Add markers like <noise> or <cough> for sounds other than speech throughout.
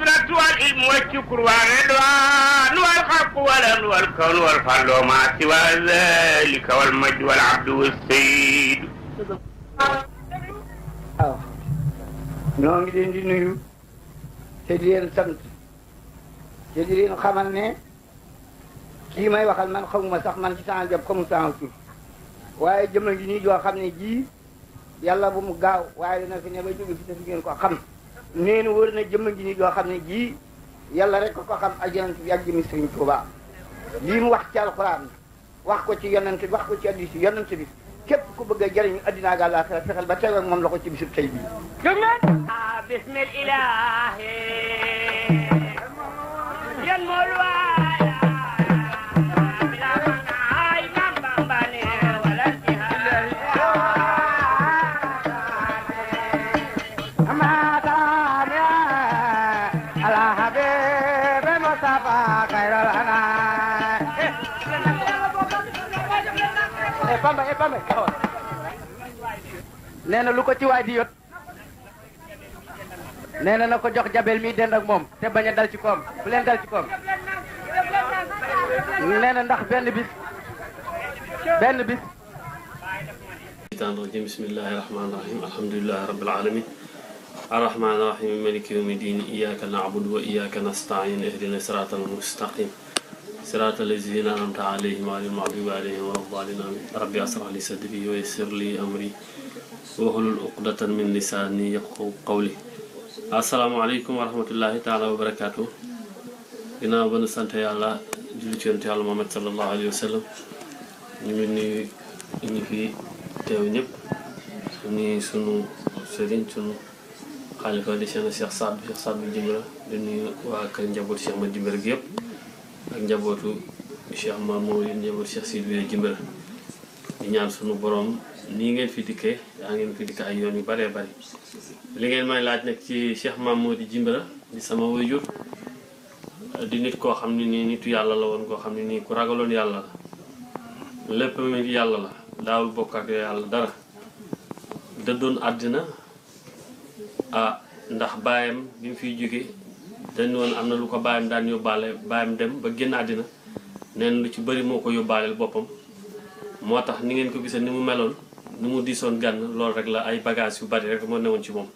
والقدرة والعلم والشكر والرضوان والحق والأمن والكون والفضل وما سوى ذلك والمجد والعبد والسيد. waaw ñoo ngi leen di nuyu te di leen sant te di leen xamal ne kii may waxal man xamuma sax man ci sama jàpp xamu sama tur waaye jëmm ngi nii joo xam ne ji yàlla bu mu gaaw waaye dina fi ne ba jóge fi te fi ngeen ko xam. nee na wër na jëmm ngi ni yoo xam ne jii yàlla rek ko xam a yonent bi ak jëmmi Sëriñ Tuubaa lii mu wax ci alxuraan wax ko ci yonent bi wax ko ci hadiis yonent bi képp ku bëgg a jëriñu addina ak àllaaxira fexeel ba teew ak moom la ko ci bisub tey bii. jóg leen. Ah, bismillah. yan moo lu waa. nee na lu ko ci waay yot nee nako jox jabel mi dend ak mom te baña dal ci kom bu len dal ci kom nee ndax benn bis benn bis بسم الله الرحمن الرحيم الحمد لله رب العالمين الرحمن الرحيم ملك يوم الدين إياك نعبد وإياك نستعين اهدنا الصراط المستقيم صراط الذين أنعمت عليهم غير المغضوب عليهم ولا الضالين ربي أسرع لي صدري ويسر لي أمري waxlul uqdatan min lisaani yafqahu qawli asalaamaaleykum wa rahmatullahi taala wa barakaatu ginnaaw ba nu yàlla julli ci yonte yàlla Muhammad sallallahu alayhi wa sallam ñu ngi nuyu ñi fi teew ñëpp nuyu sunu sëriñ sunu xaalifa di seen Cheikh Saad Cheikh Saad Jimbira di nuyu waa kër njabootu Cheikh ma Jimbira gi yëpp ak njabootu Cheikh ma moo yi njabootu Cheikh Sidou Jimbira di sunu borom. nii ngeen fi dikkee yaa ngeen fi dikkee ay yoon yu baree bëri li ngeen may laaj nag ci Cheikh Mamoudi Djimbira di sama waajur di nit koo xam ne nii nitu yàlla la woon koo xam ne nii ku ragaloon yàlla la lépp mi yàlla la daawul bokk ak yàlla dara dëddoon àddina ah ndax baayam bi mu fiy jóge dañ woon am na lu ko baayam daan yóbbaale baayam dem ba génn àddina neen lu ci bari moo ko yóbbaaleel boppam moo tax ni ngeen ko gisee ni mu meloon nu mu diisoon gan loolu rek la ay bagage yu bari rek moo newoon ci moom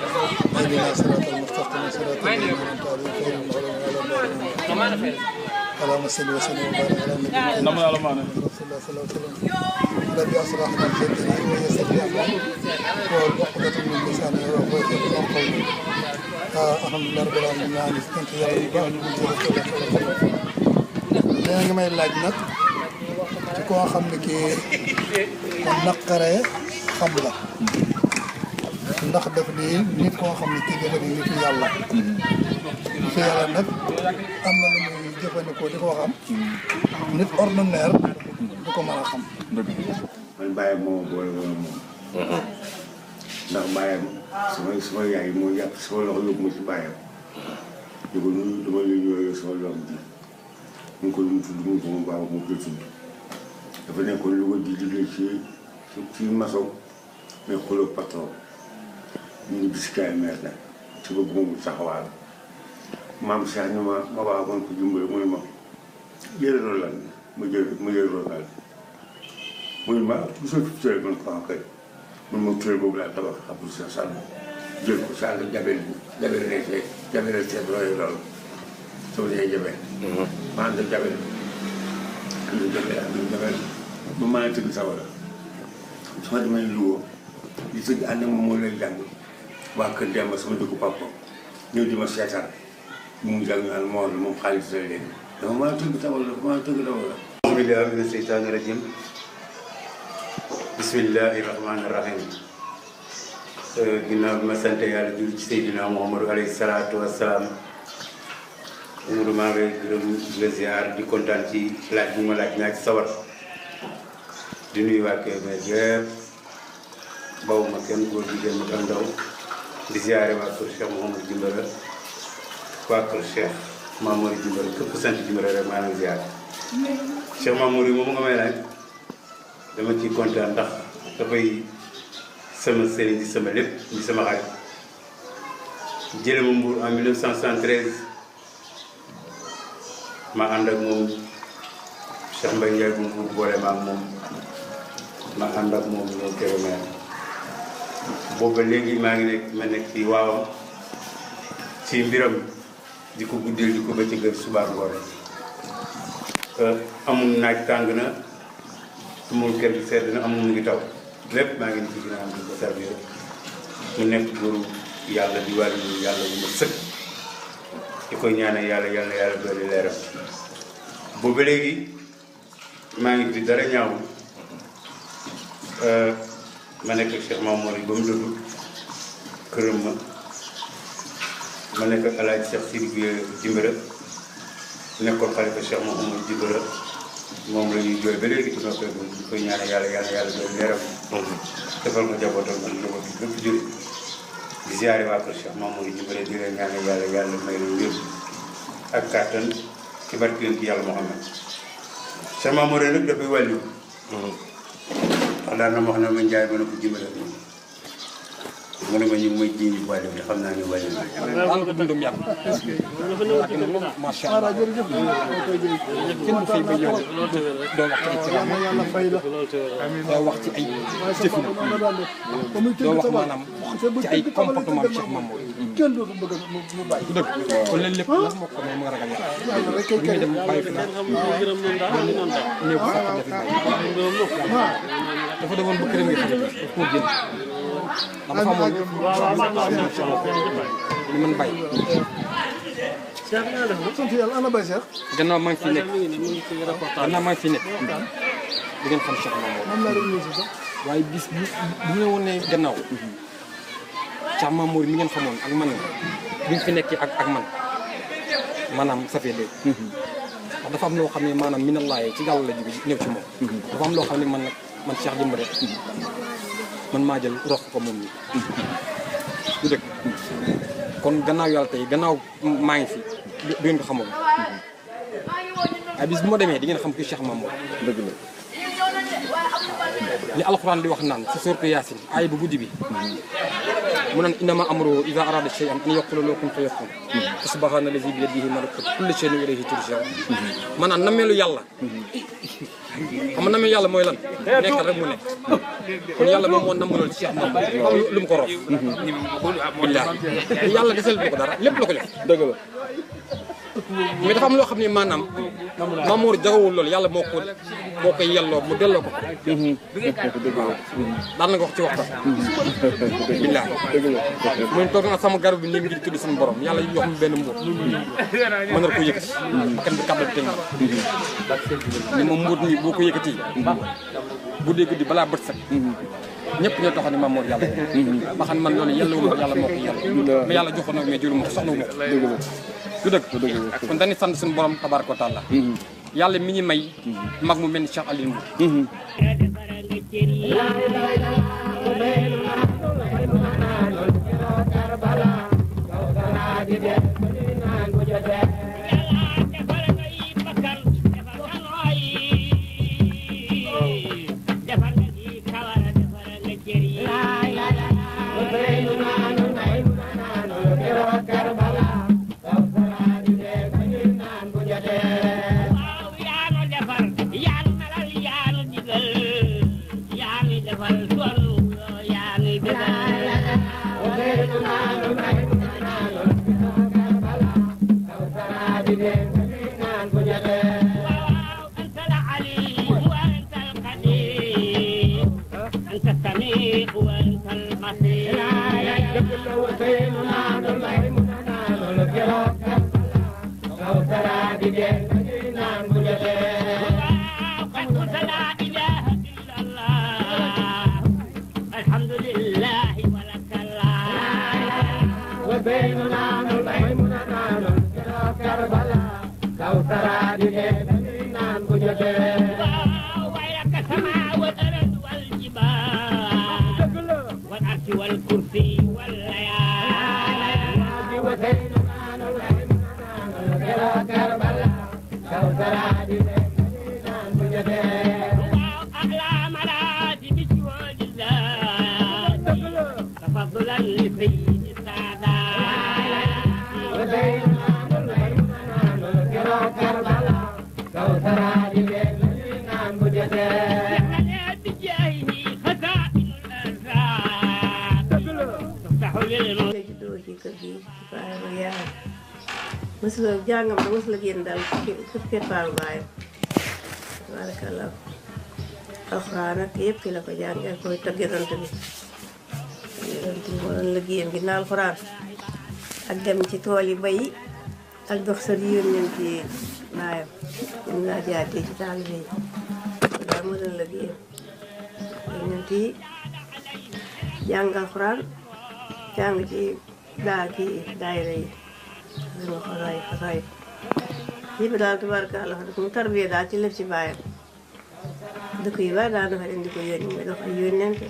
اللهم صل وسلم وبارك على نبينا محمد صلى الله عليه وسلم ربي اصلح لنا شيئا ويسر لي امرنا والعقدة من لساني يعرف ويتقن قولي الحمد لله رب العالمين maa ngi sant yàlla bu baax yaa ngi may laaj nag ci koo xam ne kii naqaree xam la ndax daf di nit koo xam ne ci dafa di nitu yàlla nitu yàlla nag am na lu muy jëfandikoo di ko xam nit ordinaire du ko mën a xam man bàyyi moo boole woon moom ndax bàyyam sama sama yaay moo yàq sama loxo yóbbu ma ci bàyyam di ko nuyu dama leen yooyu sama loxo ji mu ngi ko mu tudd mu ngi ko mu baax mu koy tudd dafa nekkoon lu ko di liggéey ci ci maçon mais xooloo patron ñu ngi bisikaay meer nag ci bëgg moomu taxawaal maam Cheikh ñu ma ma waa woon ko muy ma yëre loolu lan ma yëre loolu lan muy ma gisoo ci turé man ko xam ah, kay man moom turé boobu laa loolu loolu sama yaay jabel mhm. ma ànd ak demee Louga li sëñ ànd ak moom moo lay jàng waa Kër Demba sama dëkku papa ñëw di ma seetaan mu jàng naan moo moom xaalis la leen dafa maa tëgg tawal la dafa maa tëgg tawal la. alhamdulilah euh, maa ngi gërëm la bu ma sawar di nuyu waa Kébé yëpp. ba bawuma kenn góor jigéen mag ak ndaw di ziare waa kër Cheikh Mouhamadou Djimbira waa kër Cheikh Mamour Djimbira képp sant Djimbira rek maa ngi ziare Cheikh Mamour yi moom nga may laaj dama ciy kontaan ndax dafay sama sëriñ di sama lépp di sama xarit jële ma Mbour en 1973 ma ànd ak moom Cheikh Mbaye Ndiaye bu Mbour boole moom ma ànd ak moom ñoo Kébémer वो बिल्डिंग की मैंने मैंने की वाओ चिंबिरम जिको गुदिल जिको बच्चे के सुबह गौर तो अमुन नाइट टांग ना तुम्हें क्या भी सेट ना अमुन की टाव लेफ्ट मैंने की ना हम बता रहे हो मैंने गुरु याद दिवाली याद मुस्क इको न्याने याद याद याद बड़े लेर बुबले मैं इधर न्याऊ ma nekk ak Cheikh Mamour yi ba mu dugg këram ma ma nekk ak El Hadj Cheikh Sidi Jimbira nekkoon xalifa Cheikh Mouhamadou Jimbira moom la ñuy jooy ba léegi ci noppee bu ñu koy ñaanal yàlla yàlla yàlla doon leeram. Mhm. defal ko jabootam ak njaboot bi bépp jullit di ziare waa kër Cheikh Mamour Jimbira di leen yàlla yàlla may la wér ak kàttan ci barke yonent yàlla Muhammad Cheikh Mamour nag dafay wàllu. Mhm. daan na ma wax ne ma Ndiaye ma ne ko dimbale ko mu ne ma ñu muy ji ñu wàllu bi xam naa ne wàllu bi. dundum yàgg. ak moom macha allah. kenn du fay ba yow doo wax ci ay ci doo wax ci ay jëfin doo wax maanaam ci ay comportement Cheikh Mamadou. kenn dootu bëgg mu bàyyi. dëgg kon lépp lépp lan moo ko may mu ragal yàlla. rek kay kay def bàyyi ko daal. waaw waaw waaw dafa demoon ba këram yi xale bi daf koo jël dama xamoon li man bay sant yàlla ana bay Cheikh gannaaw maa ngi fi nekk gannaaw xam waaye bis bu bu ñu woon ne gannaaw Cheikh Mamour ngeen xamoon ak man bi fi nekkee ak ak man maanaam safee léegi mhm. ndax dafa am loo xam ne maanaam minallaaye ci gàll la jóge ñëw ci moom mhm. dafa am loo xam ne man nag man Cheikh Jëmb rek man maa jël rox ko moom nii du kon gannaaw yàlla tey gannaaw maa ngi fi du ngeen ko xamoon ay bis demee di ngeen xam ki Cheikh Mamour dëgg la li alxuraan di wax naan si sourate Yaasin ay bu guddi bi mu naan innama amruhu iza arada shay'an an yaqula lahu kun fayakun subhaana lazi bi yadihi malakut kulli shay'in wa ilayhi turja'un maanaam nameelu yàlla xam nga nameelu yàlla mooy lan nekkal rek mu nekk kon yàlla moom moo namm loolu ci billaahi yàlla desel bu ko dara mais dafa am loo xam ne maanaam Mamour jagawul loolu yàlla moo ko moo koy yelloo mu delloo ko. daan na ko wax ci waxtaan. billaay muy toog na sama garab bi nii ngi tudd suñu borom yàlla jox mu benn mbuur. mën na ko yëkkati. kan bi kàbbal teg ma. ni ma mbuur nii boo ko yëkkati. bu dee guddi balaa bët set. ñëpp ñoo taxoon ni maam Mor yàlla. ma xam man loolu yàlla wu ma yàlla moo ko yàlla. mais yàlla joxoon na mais jëlu ma ko du dëgg du borom tabaraka taala mm-hmm. yàlla mi ñu may mm-hmm. mag mu mel ni Cheikh Aliou Mbour Yeah. Mm-hmm. nangam da mos la génn daal ci keppaaru baayam tabarakallah alxuraan ak yëpp ci la ko jàng koy tagg yonent bi yonent bi ak dem ci tool yi bay ak dox sa yoon ñoom ci baayam ñoom laa jaatee ci taalibe yi yi jàng alxuraan jàng ci daa ki daayira yi dama ko ray ray yëpp daal tubaarkalla daf mu daal ci lépp ci bàyyam dëkk yi bari daal dafa indi ko yónni muy dox ay yónnente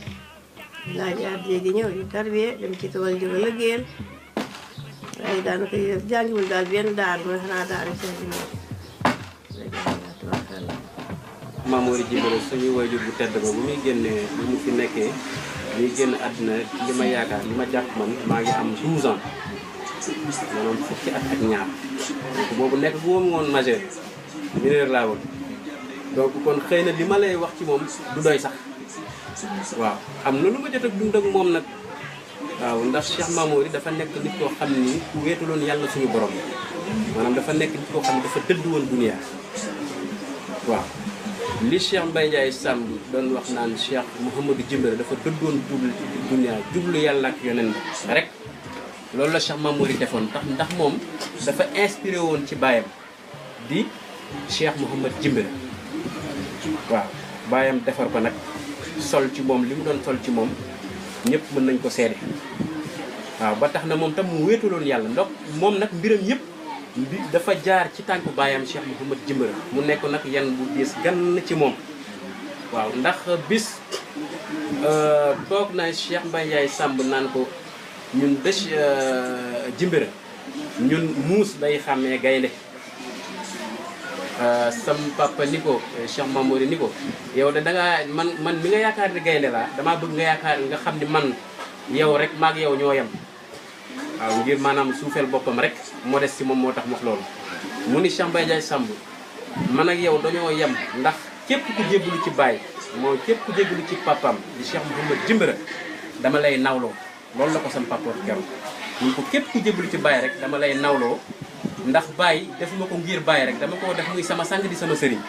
laaj addiye ji ñëw di tarbiya dem ci tool ji ko liggéeyal daal benn daar mooy xanaa daar yi seen ginnaaw Mamory Djimbaló muy génnee bu mu fi nekkee muy génn àddina li ma yaakaar li ma jàpp man maa ngi am 12 ans maanaam fukki at ak ñaar donc boobu nekk gu ma woon majeur mineur laa woon donc kon xëy na li ma lay wax ci moom Cheikh Mamour yi dafa dunia waaw li Cheikh Mbaye Ndiaye Samb doon wax naan Cheikh Mouhamadou Jimbira dafa dëddoon jublu dunia jublu yàlla ak rek loolu la Cheikh Mamouri defoon tax ndax moom dafa inspiré woon ci baayam di Cheikh Mouhamad Jimbira waaw baayam defar ko nag sol ci moom li mu doon sol ci moom ñëpp mën nañ ko seede waaw ba tax na moom tam mu wéetuloon yàlla ndox moom nag mbiram yëpp dafa jaar ci tànku baayam Cheikh Mouhamad Jimbira mu nekk nag yan bu diis gann ci moom waaw ndax bis euh, toog naa Cheikh Mbaye Ndiaye Samb naan ko ñun dëcc euh, jimbere ñun mus day xamé gaynde euh, sam papa niko euh, cheikh mamour niko yow da nga man man mi nga yaakar ni gaynde la dama bëgg nga yaakar nga xam man yow rek mag yow ñoo yam waaw ngir manam suufeel bopam rek modesti moom moo tax wax loolu mu ni cheikh mbay jaay sambu man ak yow dañoo yam ndax képp ku jébbalu ci baay mo képp ku jébbalu ci papam di cheikh mouhamad jimbere dama lay nawlo lolou la ko sam papa wax keroog ñu ko képp ku jébbalu ci bay rek dama lay nawlo ndax bay defuma ko ngir bay rek dama ko def muy sama sang di sama sëriñ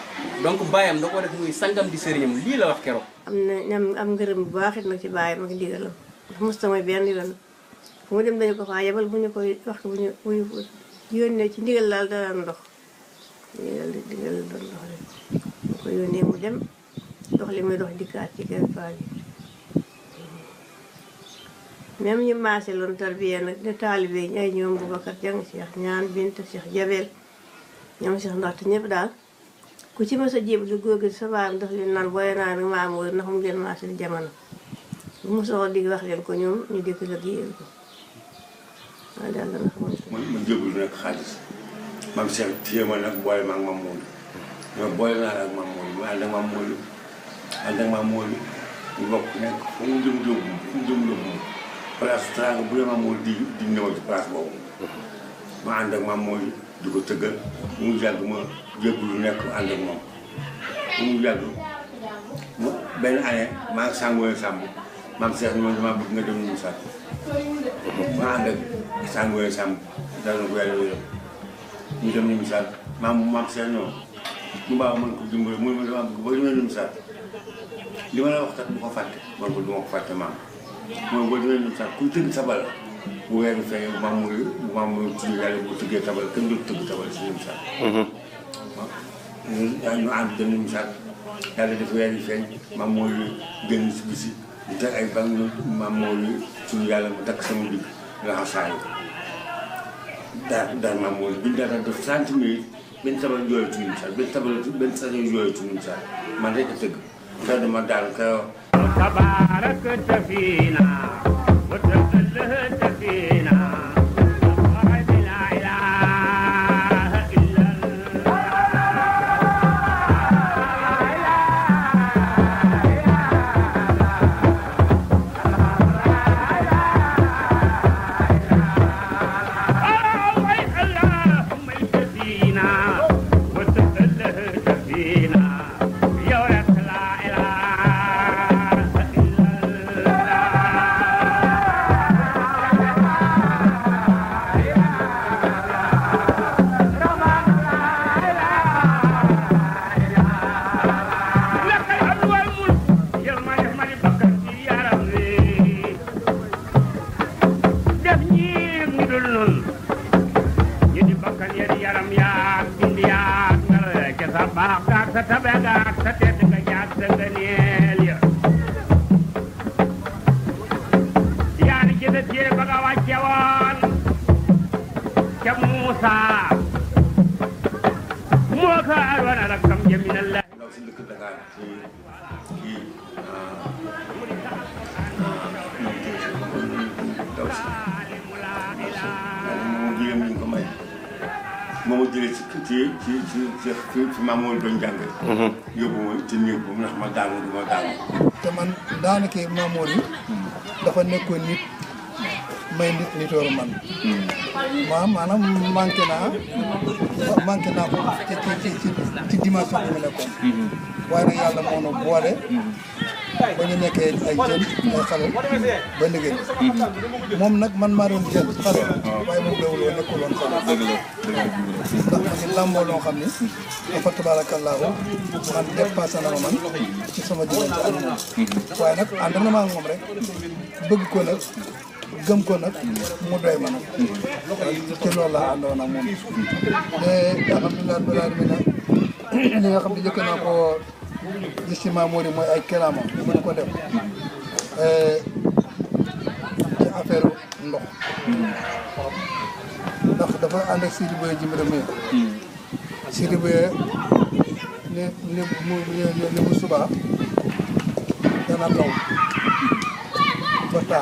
donc Bayam dako def muy sangam di sëriñam li la wax kéro am na am ngeerum bu baax nak ci bay ma ngi digalam ndax musta mooy benn yoon fu mu dem dañ ko faa yebal bu ñu koy wax bu ñu bu ñu yónnee ci ndigal daal daan ndox ndigal digal doon dox rek ko yónnee mu dem dox li muy dox dikkaat ci kër même ñu maase loon tarbiya nak ne talibé ñay ñom bu bakkar jang Cheikh ñaan bint Cheikh Jabel ñom Cheikh ndaxte ñëpp daal ku ci mësa a jéem lu góor sa baam ndax li nan boy na rek maam wër ndax mu leen maase jamono bu mu soxla di wax leen ko ñom ñu dëkk la gi géyal ko waaye daal dana xamoon man ma jébul nag xaalis maam Cheikh téye nak boy ma ak maam Moodu ñoo boole naa la ak maam Moodu ma ànd ak maam Moodu ànd ak maam Moodu ñu bokk nekk fu mu jëm jëm fu mu jëm jëm place teraanga bu dee mooy di di ñëw ci place boobu. ma ànd ak maam mooy di ko tëggal mu yàgg ma yëg lu nekk ànd ak moom mu yàgg mu benn année maa ngi sàngoo sàmb maam Cheikh ni ma dama bëgg nga dem ñu sàmm. ma ànd ak sàngoo sàmb dara na ko yàlla yëpp ñu dem ñu sàmm maam maam Cheikh ñoo mu baax mën ko dimbali mu ne ma dama bëgg ba ñu ne ñu sàmm li ma la wax kat bu ko fàtte man ko du ma ko fàtte maam. mooy boo demee ñun sax kuy tëgg sabal bu weeru fee maam muy maam muy tudd yàlla bu tëggee sabal kenn du tëgg mhm. feeñ maam mooy génn ay bànq maam mooy yàlla mu takk sama digg laxasaayu daal daal maam mooy biñ daal def cent mille benn sabal jooytu ñun sax benn man rek a tëgg. xëy na ma daal ka وتباركت فينا وتبدل فينا maanaam manqué naa manqué naa ko ci ci ci mu nekkoon. Mm-hmm. waaye nag yàlla moo boole. Mm-hmm. ba ñu ay jën ay xale moom nag man maa doon jël xale. waaye moom loolu la nekkul woon xale. ndax man it làmboo loo xam ni. a tabaarakallaahu man dépassé na ma man ci sama jëloon ci ànd moom. Mm-hmm. waaye nag ànd maa moom rek bëgg ko nag. gëm ko nag mu doy ma nag ci loolu laa àndoon moom te alhamdulilah nga xam ne jëkk ko gis ci mooy ay kelaama mën ko def eh, ci affaire ndox ndax dafa ànd ak Sidi Boye Djimbira Meye Sidi Boye li li subaa dana taw ba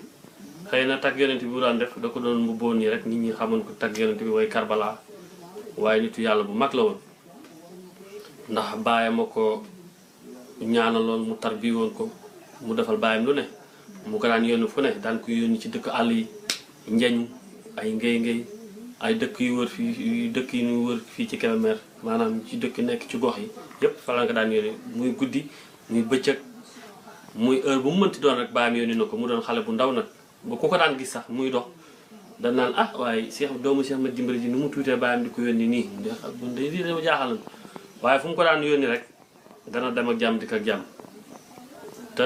xëy na tagg yonent bi bu daan def da ko doon mbubboo nii rek nit ñi xamoon ko tagg yonent bi way Karbala waaye nitu yàlla bu mag la woon ndax baayam a ko ñaanaloon mu tarbi woon ko mu defal baayam lu ne mu ko daan yónni fu ne daan ci dëkk àll yi njeñ ay ngay ngay ay dëkk yu wër fii dëkk yu ñu wër fii ci Kébémer maanaam ci dëkk nekk ci gox yi yépp fa daan yónni muy guddi muy bëccëg muy heure bu mu mënti doon rek baayam yónni ko mu doon xale bu ndaw nag Ah, ba ku ko daan gis sax muy dox dan nan ah way Cheikh doomu Cheikh ma dimbali ji numu tuté tuutee di ko yónni nii bu ndey di dama jaaxal way fu ko daan yoni rek dana dem ak jam di ko jam te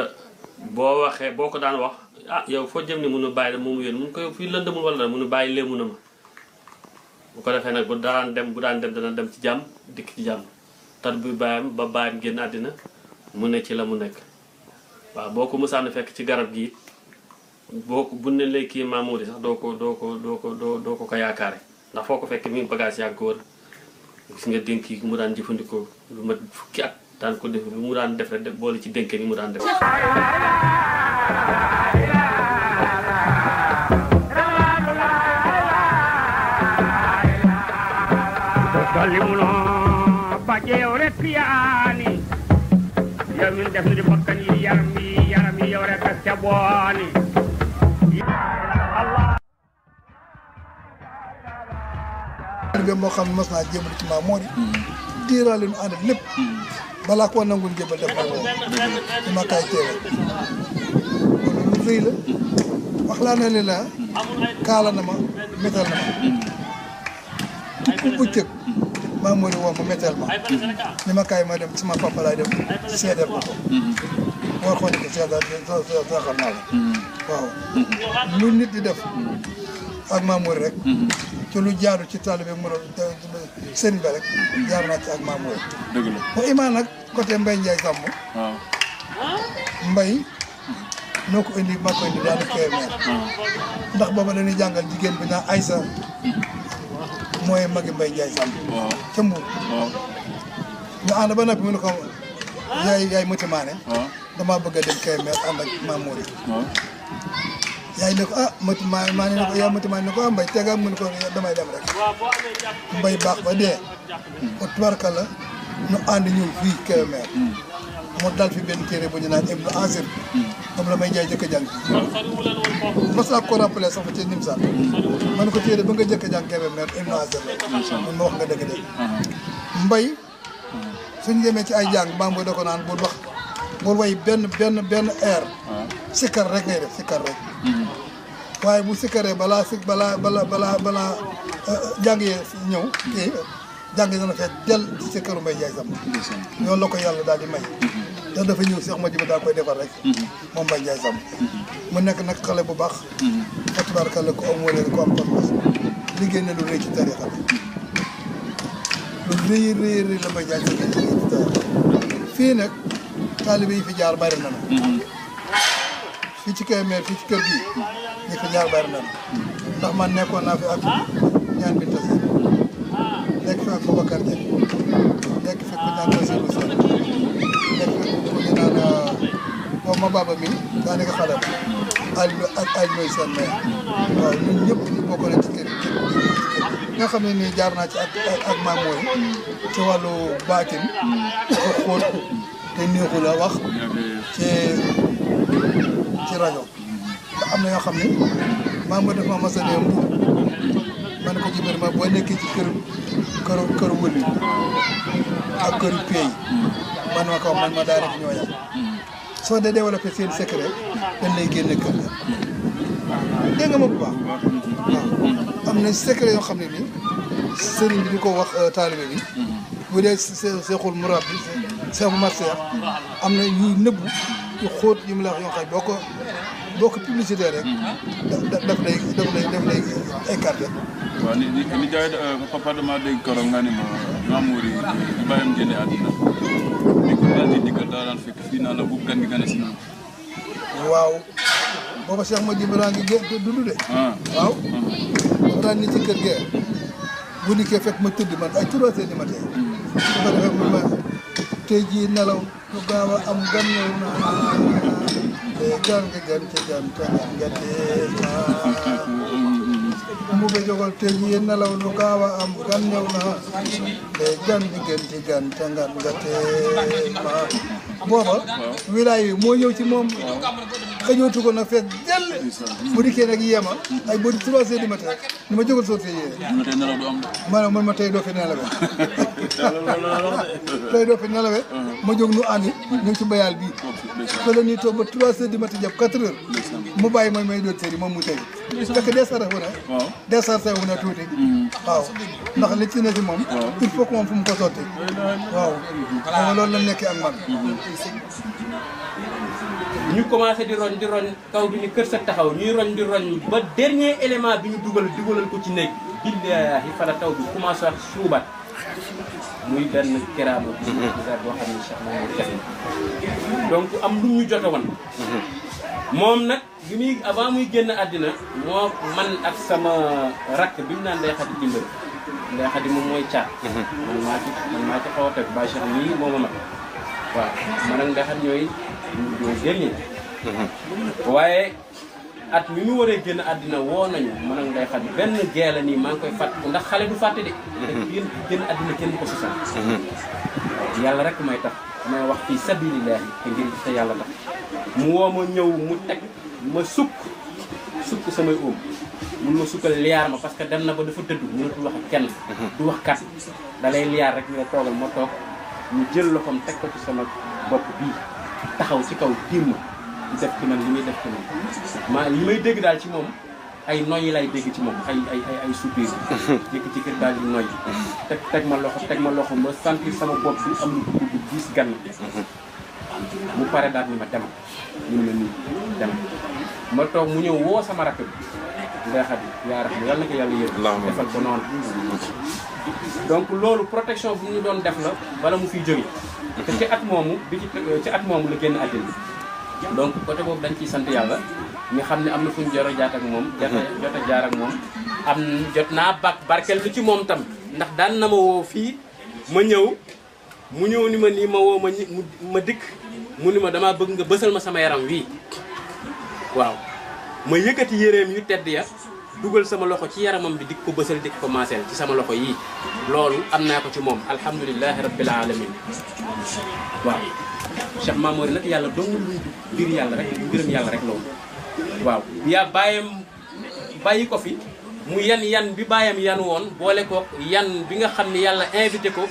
bo waxe boko ko daan wax ah yow fo jëm ni munu bàyyi la moomu yónni mun ko fi fii mun wala munu bàyyi léemu na ma bu ko defé nak bu daan dem bu daan dem dana dem ci jam dikk ci jam tar bu bàyyam ba bàyyam genn adina mu ne ci la mu nek wa boko musa na fekk ci garab gi boo ko bu ne léegi kii Mamour sax doo ko doo ko doo ko doo ko ko yaakaare ndax foo ko fekk mi bagage yàgg góor gis nga dénk yi mu daan jëfandikoo lu mat fukki at daan ko def lu mu daan def rek boole ci dénk yi mu daan def. yow mi def na di bakkan yi yaram yi yaram yi yow rek ak ca booni ngéem moo xam ne mas naa jéem a ci maa moo di ànd lépp balaa koo nangul ngéem a def ci ma kaay teewe loolu lu la wax laa ne leen kaala na ma métal ma tukku bëccëg maa moo di woo ma métal ma ni ma kaay ma dem sama papa laay dem seedal ko ko boo xoolee ko seedal saaxal naa la waaw lu nit di def ak maamour rek ci lu jaadu ci taalibe mu doon sëriñ ba rek jaar naa ci ak maam wooy dëgg la bu imaan mbay njaay sàmm mbay noo ko indi maa ko indi daal di kéemeer ndax booba dañuy jàngal jigéen bi naa Aysa mooy magi mbay njaay sàmm ca mbuur ñu ànd ba noppi mu ne ko yaay yaay muti maane damaa bëgg dem kéemeer ànd ak maam Mori yaa ngi ne ko ah matu maa maa ne ko maa ne ko ah mbay tegaam mu ne ko damay dem rek mbay baax ba dee ba tubarka la ñu ànd ñëw fii Kébémer moo dal fi benn téere bu ñu naan Ibnu Asir moom jaay jëkk a jàng fii mas naa ko rappelé sax fa ci nim sax man ko téere ba nga a jàng Kébémer dëgg dëgg mbay suñu demee ci ay jàng bambo da ko naan bu wax bul way benn benn benn air. sikkar rek ngay def sikkar rek. Mm-hmm. waaye bu sikkaree balaa si balaa balaa balaa balaa euh, euh, jàng yee ñëw. Mm-hmm. kii jàng dana fekk del ci sikkaru jaay sam. loolu la ko yàlla daal di may. Mm-hmm. te dafa ñëw si ma Jibi daal koy defar rek. moom mbay jaay sam. mu nekk nag xale bu baax. fa tabaarkalla ko am wóoree ko am pas-pas liggéey na lu rëy ci tariixa lu rëy rëy rëy la mbay jaay sam fii nag. taalibe yi fi jaar bari mhm. ci Kébémer fii ci kër ndax man nekkoon na fi ak ñaan bi tas nekk fi ak Boubacar Dieng nekk fi ku ñaan Basiru Seen nekk fi ku ñu naan euh, moom ma baba mi daanaka xalam Aliou ak Aliou mooy seen maire waaw ñun ñëpp ñu bokkoon ci kër nga xam ne nii jaar naa ci ak maam mooy ci wàllu baatin mhm. xóot te neexu la wax ci rajo am na yoo xam ne maam dafa ma mas a ne mbuur ma ne ko jibér ma boo nekkee ci kër kër kër wëli ak kër pay man ma ko man ma daa rek ñoo soo dee développé seen secret dañ lay génn kër la nga ma bu baax am na secret yoo xam ne ni sëriñ bi ko wax euh, taalibe bi bu dee seexul murabbi Cheikh Oumar Cheikh am na yu nëbb yu xóot yu mu la wax yoo xam boo ko boo ko publicité rek daf lay daf lay daf lay écarté waaw ni ni jaay euh, papa dama dégg koro nga ni ma mamouri di bàyyam jënde àddina ni ko daal di digal daa daan fekk fii naa la bu gan gi gane si waaw booba Cheikh ma jibra ngi gën dund de ah. waaw dafa daan ni ci kër gee bu dikkee fekk ma tëdd man ay trois heures du matin hmm. tey jii nelaw lu gaaw a am gan ñëw naa tey gan nga gan ca gan ca gan nga tey naa mu ba jógal tey jii nelaw lu gaaw a am gan ñëw naa tey gan nga gan ca gan ca gan nga tey naa booba wilaay yi moo ñëw ci moom xëjootu ko nag fees dell bu dikkee nag yéema ay boo di trois heures ma jógal soo tee yéene maanaam man ma tey doo fi nelawe tey doo fi nelawe ma jóg nu ànd ñu ci bayaal bii so la ñuy toog ba trois heures du matin jàpp quatre heures mu bàyyi mooy may doon sëriñ moom mu tey fekk deesara wu na deesar sa wu na tuuti waaw ndax li ci si moom il faut moom fu mu ko sotti waaw loolu la nekkee ak man ñu commencé di roñ di roñ kaw bi ni kër sa taxaw ñuy roñ di roñ ba dernier élément bi ñu dugal dugalal ko ci néeg billaahi fala taw bi commencé wax suubat muy benn kiraama bi bizarre boo xam ne Cheikh Mamadou donc am lu ñu jote woon moom nag bi muy avant muy génn àddina moo man ak sama rakk bi mu naan day xati dimbal nday xati moom mooy caat man maa te man maa ci xaw a teg nii moo ma mag waaw man ak nday ñooy ñoo waaye at mi ñu waree génn àddina woo nañu mën ak nday xadi benn geela nii maa ngi koy fàttiku ndax xale du fàtte de mhm. te génn génn àddina kenn du ko si mhm. yàlla rek may tax may wax fii sabilillah te ngir te yàlla tax mu woo ma ñëw mu teg ma sukk sukk samay óom mun ma sukkal liyaar ma parce que dem na ba dafa dëdd mënatul wax ak kenn mhm. du wax kat da lay liyaar rek ñu la toogal ma toog ñu jël loxoom teg ko ci sama bopp bii taxaw si kaw dimb def ki man li muy def ki man maa li may dégg daal ci moom ay noyyi lay dégg ci moom ay ay ay ay soupir ci kër daal di noyyi teg teg ma loxo teg ma loxo ma sentir sama bopp si am lu dugg bu diis gann mu pare daal ni ma demal ñu ne nii demal ma toog mu ñëw woo sama rakk bi Ndeye Khady yaa rax yal na ko yàlla yëg defal ko noonu donc loolu protection bu ñu doon def la bala mu fiy jógee te ci at moomu bi ci ci at moomu la génn àddina donc côté boobu dañ ciy sant yàlla ñu xam ne am na fu ñu joro jaat ak moom jota jot a jaar ak moom am jot naa bak barkeel ci moom tam ndax daan na ma woo fii ma ñëw mu ñëw ni ma nii ma woo ma ma dikk mu ni ma damaa bëgg nga bësal ma sama yaram wii waaw ma yëkkati yéreem yu tedd ya dugal sama loxo ci yaramam bi di ko bësal di ko maaseel ci sama loxo yii loolu am naa ko ci moom alhamdulilahi rabbil alamin waaw Cheikh Mamour nag yàlla dongul luy biir yàlla rek ngërëm yàlla rek loolu waaw yaa bàyyi ko fi mu yan yan bi bàyyam yan woon boole ko yan bi nga xam ni yàlla invité ko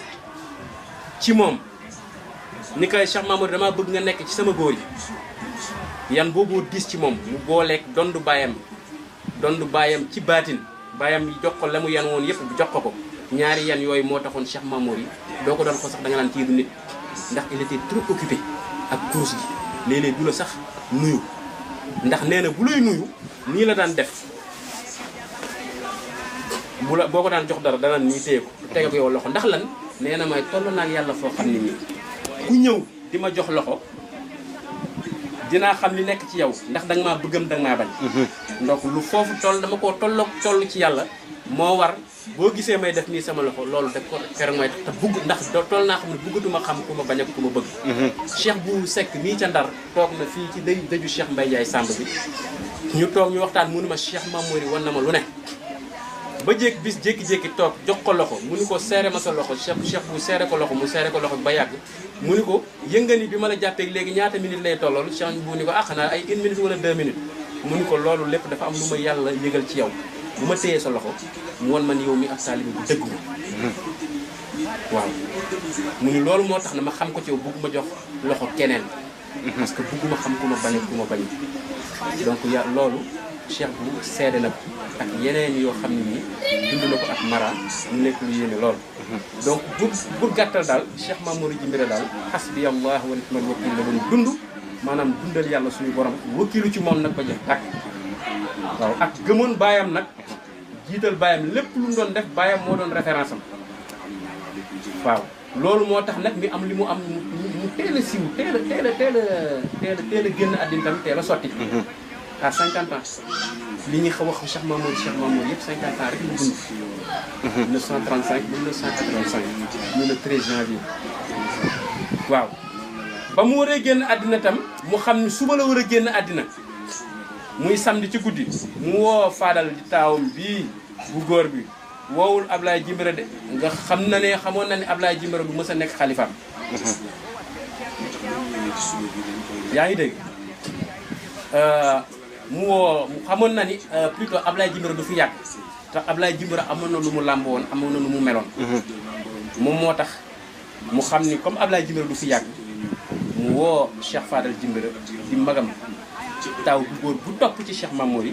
ci moom ni koy Cheikh Mamour damaa bëgg nga nekk ci sama góor yi yan booboo diis ci moom mu booleeg dondu bàyyam dondu baayam ci baatin baayam yi jox ko la mu yan woon yëpp jox ko ko ñaari yan yooyu moo taxoon Cheikh Mamour yi doo ko doon ko sax da daan ci kii du nit ndax il était trop occupé ak course gi léeg du la sax nuyu ndax nee na bu lay nuyu nii la daan def boo ko daan jox dara dana nii téye ko tege ko yow loxo ndax lan nee na may toll naa yàlla foo xam ne nii ku ñëw di ma jox loxo dinaa xam li nekk ci yow ndax danga ma bëggam danga maa bañ ndox mhm. lu foofu toll dama koo tolloog toll ci yàlla moo war boo gisee may def nii sama loxo loolu da ko kere mooy te bugg ndax toll naa xam ne buggatuma xam ku ma bañ ak ku ma bëgg mhm. Cheikh bu sekk mii ca Ndar toog na fii ci dëj dëju Cheikh Mbaye Ndiaye Samb bi ñu toog ñu waxtaan mënuma Cheikh Mamour wan na ma lu ne ba jékki bis jékki toog jox ko loxo mu ni ko seere ma sa loxo chef chef bu seere ko loxo mu seere ko loxo ba yàgg mu ni ko yëngani bi ma la jàppee léegi ñaata minute lay tollool chef bu ni ko ah xanaa ay une minute wala deux minutes mu ni ko loolu lépp dafa am lu ma yàlla yëgal ci yow bu ma téyee sa loxo mu wan man yow mi ak taalibi bu dëgg waaw mu ni loolu moo tax na ma xam ko ci yow bëgg ma jox loxo keneen mhm. parce que bëgg ma xam ku ma bañ ku ma bañ donc ya loolu cheikh bu seede la ak yeneen yoo xam ne nii dund na ko ak mara mu nekk lu yéene lool. donc bu bu gàttal daal cheikh Mamadou Djimbira daal xasbi allah wa ni'mal wakiil la doon dund maanaam dundal yàlla suñu borom wakiilu ci moom nag ko jeex tàkk waaw ak gëmoon baayam nag jiital baayam lépp lu mu doon def baayam moo doon référence am waaw loolu moo tax nag mi am li mu am mu teel a siiw teel a teel a teel a sotti à 50 ans. li ñu wax Cheikh Mamoun Cheikh Mamoun yëpp 50 ans rek la dund. 1935 ba 1985. ñu ne 13 janvier. waaw ba mu waree génn àddina tam mu xam ne suba la war a génn àddina muy samedi ci guddi mu woo Fadal di taawam bii bu góor bi wowul ab Ablaye Jimbira de nga xam na ne xamoon na ab Ablaye Jimbira bu mës a nekk xalifaam. Mhm. yaa ngi dégg. Euh, mu woo xamoon na ni euh, plutôt Ablaye Jimbira du fi yàgg te Ablaye Jimbira amoon na lu mu làmb woon amoon na lu mu meloon moom moo tax mu xam ni comme Ablaye Jimbira du fi yàgg mu woo Cheikh Fadal Jimbira di magam taw bu góor bu topp ci Cheikh Mamour yi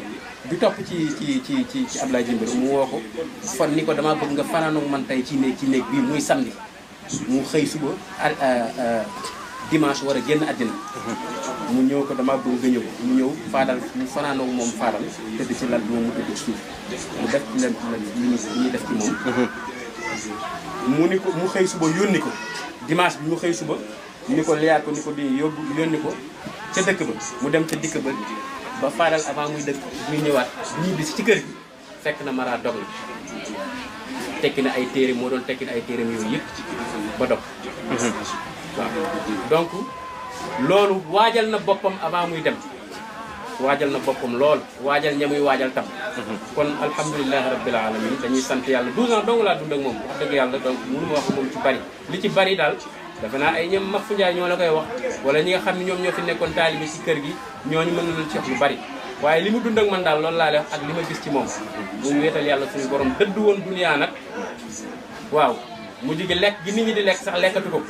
bi topp ci ci ci ci ci Ablaye Jimbira mu woo ko fan ni ko damaa bëgg nga fanaanoog man tey ci néeg ci néeg bii muy samedi mu xëy suba euh, euh, dimanche war a génn àddina mhm. mu ñëw ko dama bëgg nga ñëw mu ñëw faadal mu fanaanoo moom faadal tëdd ci lal bi moom mu tëdd ci suuf mu def ci lal li ñuy def ci moom mhm. mu ni ko mu xëy suba yónni ko dimanche bi mu xëy suba ni ko liyaar ko ni ko di yóbbu yónni ko ca dëkk ba mu dem ca dikk ba ba faadal avant muy dëkk muy ñëwaat ñibbi si ci kër gi fekk na mara dog na tekki na ay téere moo doon tekki na ay téereem yooyu yëpp ba dog mhm. donc loolu waajal na boppam avant muy dem waajal na boppam lool waajal ña muy waajal tam kon alhamdulilahi rabbil alamin dañuy sant yàlla 12 ans dong laa dund ak moom wax dëgg yàlla donc mënu ma wax moom ci bari daal dafa naa ay ñoom Mafou Ndiaye ñoo la koy wax wala ñi xam ne ñoom ñoo fi nekkoon taalibi ci kër gi ñooñu mën nañu ci wax li mu dund ak man daal lool laa lay ak li ma gis ci moom muy wéetal yàlla suñu borom dëdd woon duniyaa nag waaw mu jigi lekk gi nit ñi di lekk sax lekkatu ko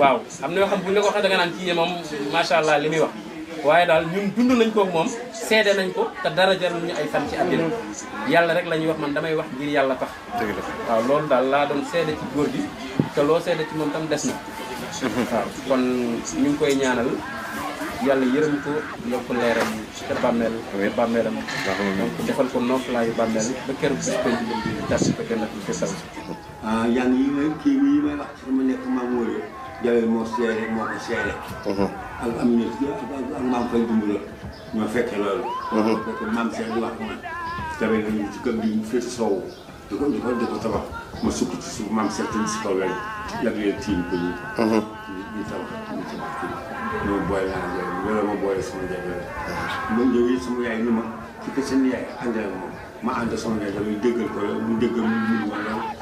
waaw am na xam bu ñu la ko waxee da nga naan kii moom macha allah li muy wax waaye daal ñun dund nañ koog moom seede nañ ko te dara jar ñu ay xam ci àddina yàlla rek la ñuy wax man damay wax ngir yàlla tax waaw loolu daal laa doon seede ci góor gi te loo seede ci moom tam des na waaw kon ñu ngi koy ñaanal yàlla yërëm ko yokk leeram ca bàmmeel bàmmeelam donc defal ko nooflaayu bàmmeel ba keroog bis penc bi tas ba gën a fi yan yi may kii yi may wax ci sama moo seere moo ko seere. Mhm. ak am na ak ak maam Faye Diouf la ñoo fekke loolu. parce mhm. que maam Seydou wax man tamit nañu ci kër mu fekk soowu di ko di ko di ko tabax ma sukk ci suuf maam Seydou si kaw lañ yàgg leen tiim ko la. ma ñëw it sama yaay ni ma ci kër seen yaay ma ànd sama yaay dafay déggal ko mu déggal mu mu mu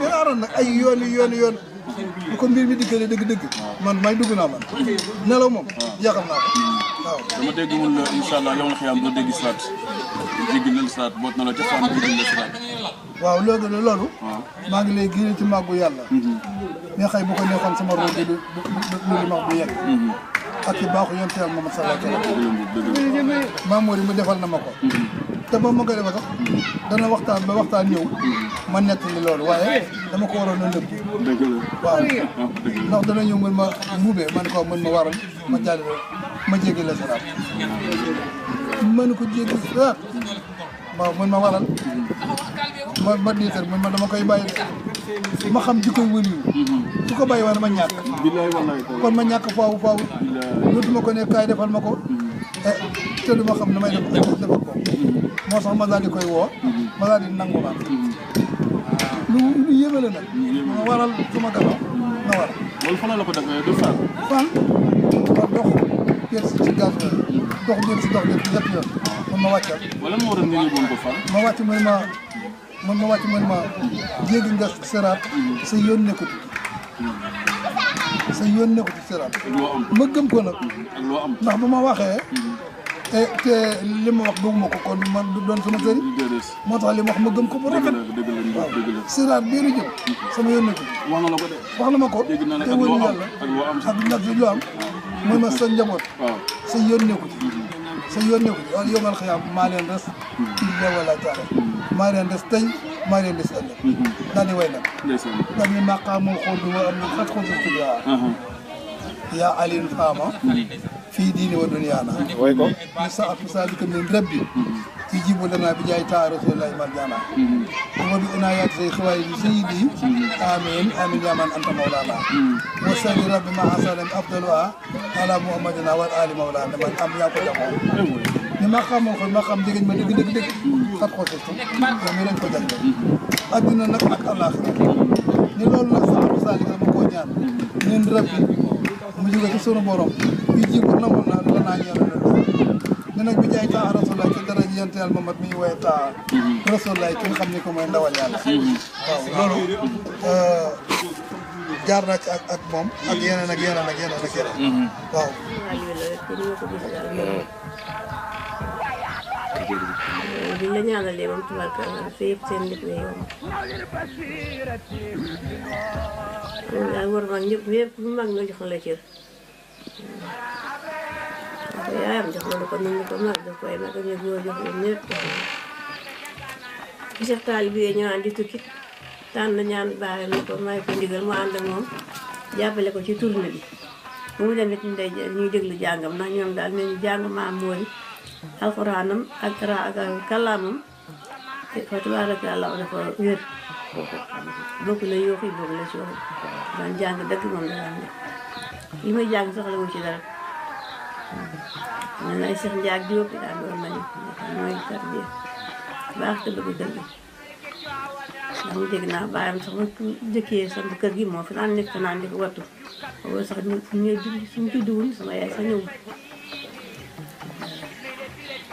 bi aaroon nag ay yoon i yoon i yoon bu ko mbir mi dikkalee dëgg-dëgg man may dugg naa man nelaw moom yàqal naa ko waaw dama dégg mun la incha allah yow na xiyaam doo dégg salaat jéggi lal salaat boot na la ca fànn jéggi la salaat waaw loolu maa ngi lay gën ci màggu yàlla mhm. mais xëy bu ko neexoon sama roo bi du li max bu yegg mhm. ak i baaxu yonte yàlla Muhammad sallallahu alayhi wa sallam maa moo mu defal na ma ko mhm. te ba ma koy defee sax dana waxtaan ba waxtaan ñëw ma nettali loolu waaye dama ko waroon a nëbb. dëgg la ah, ndax dana ñëw mën ma muubee man ko mën ma waral ma jàll ma jéggi la salaat mën ko jéggi salaat waaw mën ma waral ma ma diitar mën ma dama koy bàyyi ma xam ji koy wëli su ko bàyyi woon ma ñàkk kon ma ñàkk faaw faaw dootuma ko ne kaay defal ma ko mm-hmm. eh, te xam ne may def moo tax ma daal di koy woo ma daal di nangu la lu lu yéeme la nag ma waral suma gannaaw na war loolu fan la ko defee du fan fan ma dox jël si ci gaz dox jël si dox jël si ñetti yoon man ma wàccal wala moo waral nga yóbboon ko fan ma wàcc man ma man ma wàcc man ma jéggi nga seraat sa yoon nekkut sa yoon nekkut seraat ma gëm ko nag ndax bu ma waxee mm-hmm. te eh, te li ma wax bëgguma ko kon man du doon sama sëriñ moo tax li ma wax ma gëm ko bu rafet waaw siraat bii lu jëm sama yoon na ci wax la ko de wax na ma ko te wëlu yàlla ak nag lu am ma sa njaboot sa yoon nekku ci mm-hmm. sa yoon nekku ci waaye yomal xiyaam maa leen des mm-hmm. illa wala mm-hmm. tey maa leen des ëllëg daal di way nag daal di maqaamul xool du wa am uh-huh. alin faama fi diini wa duniyaana way ko mi sa'atu salika min rabbi ijibu lana bi jaay taa rasulullahi marjana mm-hmm. wa bi inayati say xawaay bi sayyidi mm-hmm. amin amin ya man anta mawlana mm-hmm. wa salli rabbi ma asalam afdaluha ala muhammadina wal ali mawlana man am yaa ko jamoo ni ma xamoo ko ma xam dégg ma dégg dégg dégg xat ko sëstu yow mi leen ko jàng adduna nag ak àllaaxira ni loolu nag sa'atu salika ma koo ñaan ñun rabbi mu jóge ci sunu ak ak moom ak mm-hmm. dañ daan war mag ay mag ñu góor jox ñoom ñëpp bi Seex taalibe bi ñu naan ñaan baare na ko ko ndigal mu ànd ak moom jàppale mu demit ñu jàngam ndax ñoom daal ne jàng maam mooy alxuraanam ak ra ak kàllaamam fa tabaaraka Allah dafa wér bokk la yoo xii la ci wax jàng dëgg moom la daan def li may jàng soxla wu ci dara man ay seex njaag di yóbbu daal loolu lañu mooy tarbiya baax gi dama dégg naa bàyyam sax ma jëkkee sant kër gi moo fi naan nekk naan di ko wattu boobu sax ñu ñu julli suñ ci dugul sama yaay sa ñëwul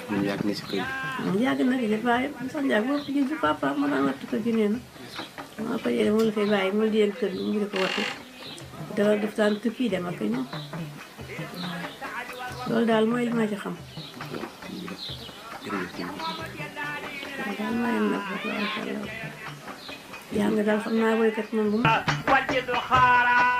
moom yàgg na si kër gi. Ah, yàgg na si waaye sax yàgg papa moo daan wattu kër gi nee na maa ko la fay bàyyi moo la yéen kër gi mu ngi ko wattu dara def daan tukki dem ak ñoom daal mooy li ma ci xam. daal maa yem na ko waaw yàlla daal xam naa boykat moom bu mu. Ah, wàcce do xaara.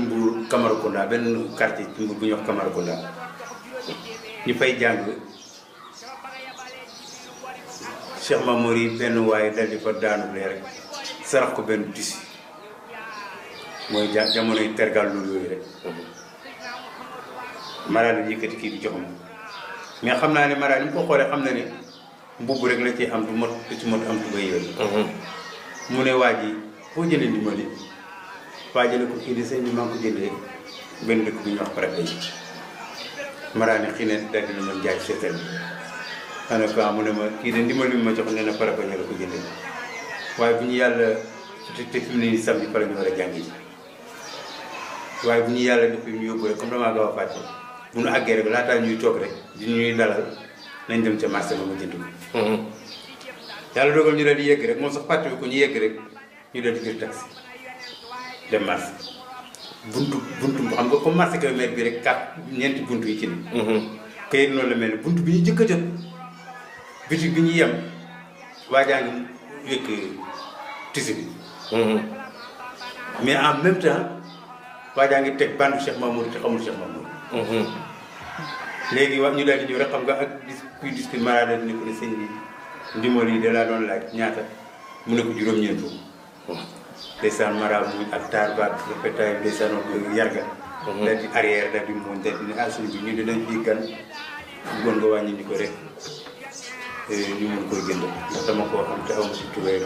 Mbour Camaracounda benn quartier ci bu ñuy wax Camaracounda ñu fay jàng Cheikh Mamour yi benn waaye dal fa daanu lee rek sarax ko benn tisi mooy ja jamonoy tergal lu yooyu rek maraal bi yëkkati kii bi joxam mais xam naa ne maraal yi ko xoolee xam na ne mbubb rek la ci am du mot du ci mot am tubay yooyu mhm. mu ne waa ji foo jëlee ndimbali waajale ko kii di sëñ bi maa ngi ko jëndee benn dëkk bu ñuy wax pare bay maraane xii ne daal dina ma seetal bi ana ko mu ne ma kii de ma bi ma jox nee na pare bay la ko ñu yàlla te te fi ñu war a jàngi waaye ñu yàlla ñu yóbbu rek comme damaa gaaw a fàtte bu di ñuy dalal dem ca marché ba ma jënd ko. Mhm. yàlla dogal ñu daal di yegg rek moom sax fàtte ko ñu yegg rek ñu daal di jël taxi. de mars buntu buntu xam nga comme marché kilomètre bi rek quatre ñeenti buntu yi ci ne mhm. këyit la ni buntu bi jëkk a jot bi ñu yem waajaa ngi wékk mhm. en même ngi teg bandu Cheikh Mamour te xamul Cheikh mhm. ñu daal di ñëw rek xam nga ak dis kuy dis bi maraada ni ko ne sëñ bi ñaata mu ne juróom-ñeent ndeysaan mara muñ ak taar baak rafetaay ndeysaan ak yarga mhm. da di arrière da di muñ da ne ah suñu gan bëggoon nga wàññi ko rek eh, ñu mun koy jënd ndax dama koo xam te amu ci tubéy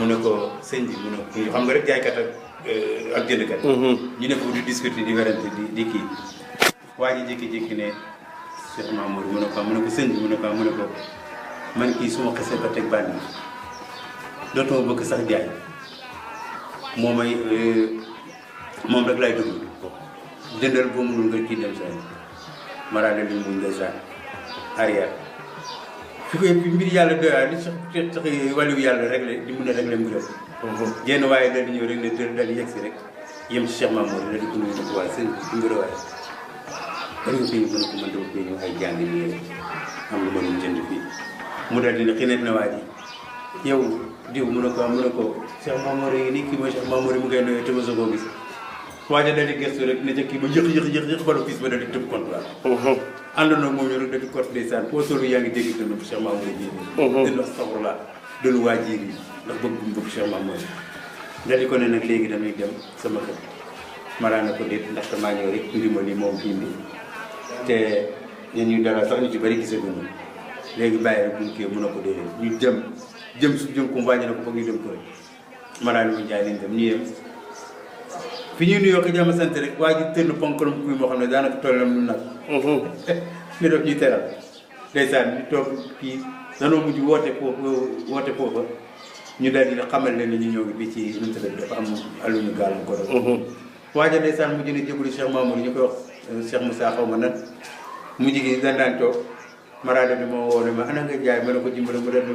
mu ne ko sëñ bi mu ne eh, mhm. ñu ne ko di discuter di werante di di kii waa man kii suma xasee ba teg bànn dootuma bëgg sax jaay moo may euh, moom rek lay dugg jëndal boo mënul nga kii dem ma di muñ des arrière yàlla doyaat li sax sax euh, wàllu yàlla di mun a rek la waaye daal di ñëw rek ne teel daal di yegg si rek yem si Cheikh Mamour la di ko di ko waay sëñ bi mbir waay. kon nga fii mën ko mën dama fii ñëw ay jàng nii am lu ma doon jënd fii mu daal di ne xëy yow diw mu ne ko mu ne ko cheikh mamour yi ni kii mooy cheikh mamour yi mu ngay noyee te mosoo di gis waaja dali gestu rek ne ca kii ba yëq yëq yëq yëq ba fils ba dali tëb contrat ànd na moom ñu rek dadi cot ndeysaan foo solu yaa di astaghfirullah bëgg bu di ko ne dem sama kër maraa na ko déet ndaxte ma ñëw rek mo ni mo moom indi te ñun ñu dara sax ñu ci bëri gisaguñu léegi ko ñu dem jëm su jëm kumbaañ la ko foog ñu dem kër mu jaay leen dem ñu yem fi ñuy nuyoo ko jàmm sant rek waa ji tënn ponkalam kuy moo xam ne daanaka tollam lu nag ñu mhm. <laughs> def ñuy teral ndeysaan ñu toog kii nanoo mujj ñu daal di xamal leen ni ñu ñëw bi ci numu tala dafa am allu mhm. ñu gàllankoor waa euh, xaw ma nag mujj gi dandaan toog Maraane bi moo woo ne ma nga jaay ma ne ko jimbale mu dem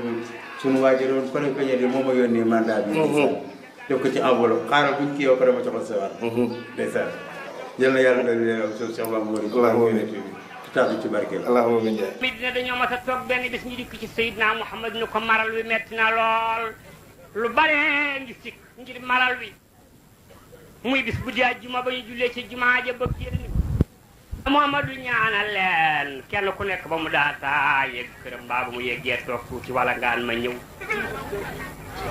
suñu waajuroon préfet yi moom a yónnee mandat bi. Mhm. def ko ci enveloppe xaaral buñ kii yow pare ma jox la sa waat. Mhm. ndeysaan yal na yàlla doon leeral suuf si xaw ma am wóor yi. waaw taatu ci barkeel. allahumma amiin jaay. mi dina dañoo mas a toog benn bis ñu dikk ci Seydina Mouhamed ñu ko maral wi metti lool lu bare ngi sikk ngir maral wi muy bis bu di àjjuma ba ñu jullee ci jumaa ja ba kii Muhammadu ñaanal leen kenn ku nekk ba mu daataa yegg këram mbaa bu mu yeggee toog tuuti wala ngaan ma ñëw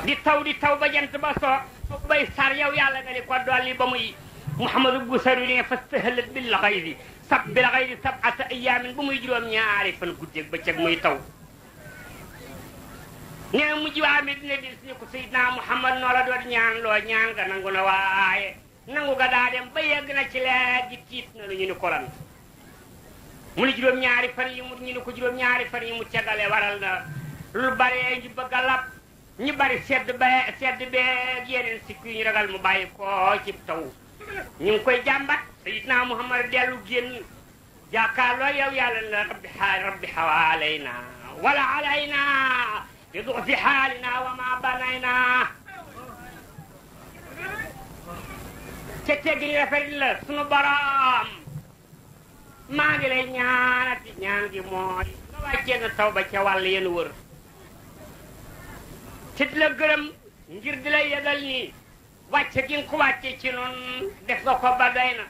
di taw di taw ba jant ba soo bay sar yow yàlla nga ni ko dolli ba muy Muhammadu Gusaru ne fastahalat bil ghayri sab bil ba muy juróom ñaari fan guddeeg bëccëg muy taw nee mujj waa Medina di suñu ko Seydina Muhammad noo la ñaan loo ñaan nga nangu na waaye nangu ga daa dem ba yegg na ci leer gi tiit na lu ñu ni kolan mu ni juróom-ñaari fan yi mu ñu ni waral na lu bare ñu bëgg a lab ñu sedd ba beeg yeneen sikk yu ñu ragal mu bàyyi ko ci taw ñu ngi koy jàmbat sayidna muhammad dellu génn jàkkaarloo yow yàlla na rabbi xaal rabbi xawaalay na wala alay na bi duxfi xaalina wa ma banay na te teggin rafet la sunu boroom maa ngi lay ñaanati ñaan gi mooy nga wàccee na taw ba ca wàll yéen wër te di la gërëm ngir di la yëgal nii wàcce gi ko wàcce ci def nga ko ba doy na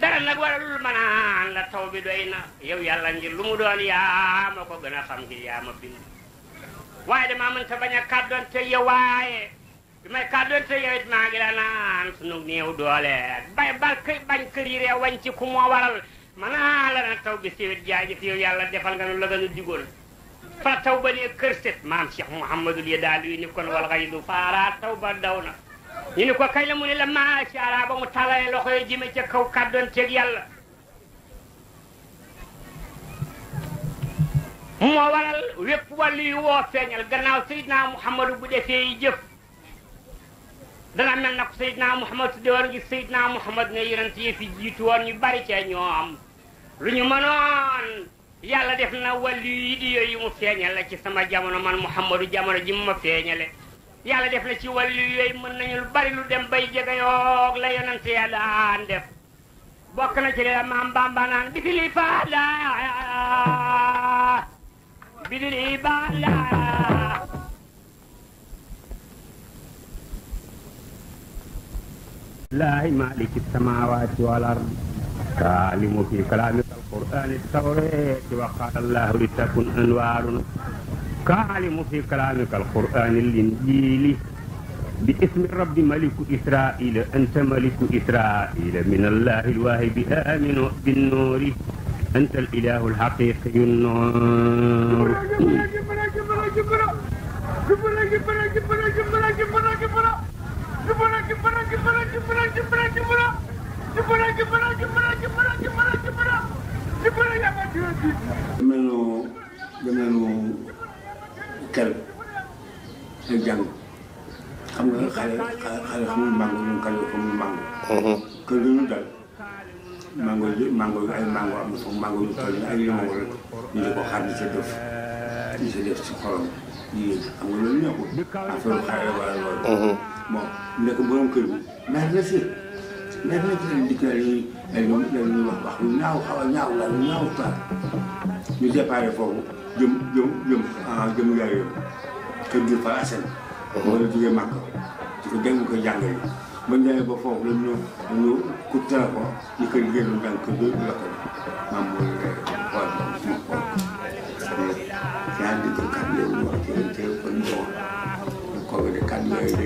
dara nag waralul ma naan la taw bi doy na yow yàlla ngir lu mu doon yaa ma ko gën a xam ngir yaa ma bind waaye damaa mënta bañ a kàddoon te yow waaye bi may kàddoonte yow it maa ngi la naan sunu néew doole bay bal kë bañ kër yi réew wañ ci ku moo waral manaa la na taw bi siwit jaajëf yow yàlla defal nga nu la gënu digoon fa taw ba ne kër set maam Cheikh Mouhamadul ye daal yu ni kon wal xay du faara taw ba daw na ñu ni ko kay la mu ne la maasara ba mu talalee loxo yi jëme ca kaw kàddoonteeg yàlla moo waral wépp wàllu yu woo feeñal gannaaw Seydina Mouhamadou bu defee yi jëf dana mel na ko Seydina Muhammad tudde woon gi Seydina Muhammad ne yonent yi fi jiitu woon ñu bari ca ñoom lu ñu mënoon yàlla def na wàllu yi di yooyu mu feeñale ci sama jamono man Muhammadu jamono ji mu ma feeñale def na ci wàllu yooyu mën nañu lu bari lu dem bay jegeyoog la yonent ya daan def bokk na ci la maam Bamba naan bi fili faala bi dili baala الله مالك السماوات والأرض تعلم في كلام القرآن التوراة وقال الله لتكن أنوار كعلم في كلامك القرآن الإنجيل باسم الرب ملك إسرائيل أنت ملك إسرائيل من الله الواهب آمن بالنور أنت الإله الحقيقي النور melu melu kel ak jàng xam nga xale xale xamul mango ñun xale xamul mango. Mhm. kër gi ñu dal mango yi mango yi ay mango am na foofu mango yu toll nii ay limon wala ñu di ko xar di sa def di sa def si xorom. jigéen xam nga loolu ñu ko affaire xaaral wala loolu. bon nekk borom kër bi mer na si mer na ci leen dikkal yi ay ñoom dañuy wax wax lu ñaaw xaw a ñaaw la lu ñaaw taal ñu déparé foofu jëm jëm jëm ah, jëm yaay yow kër gi fa asen mm-hmm. wala jugee màkk ci ko dégg ko jàngale ba ñu ba foofu lañ ñu ñu ku téléphone ñu koy génn ndànk kër gi la ko maam mooy ngi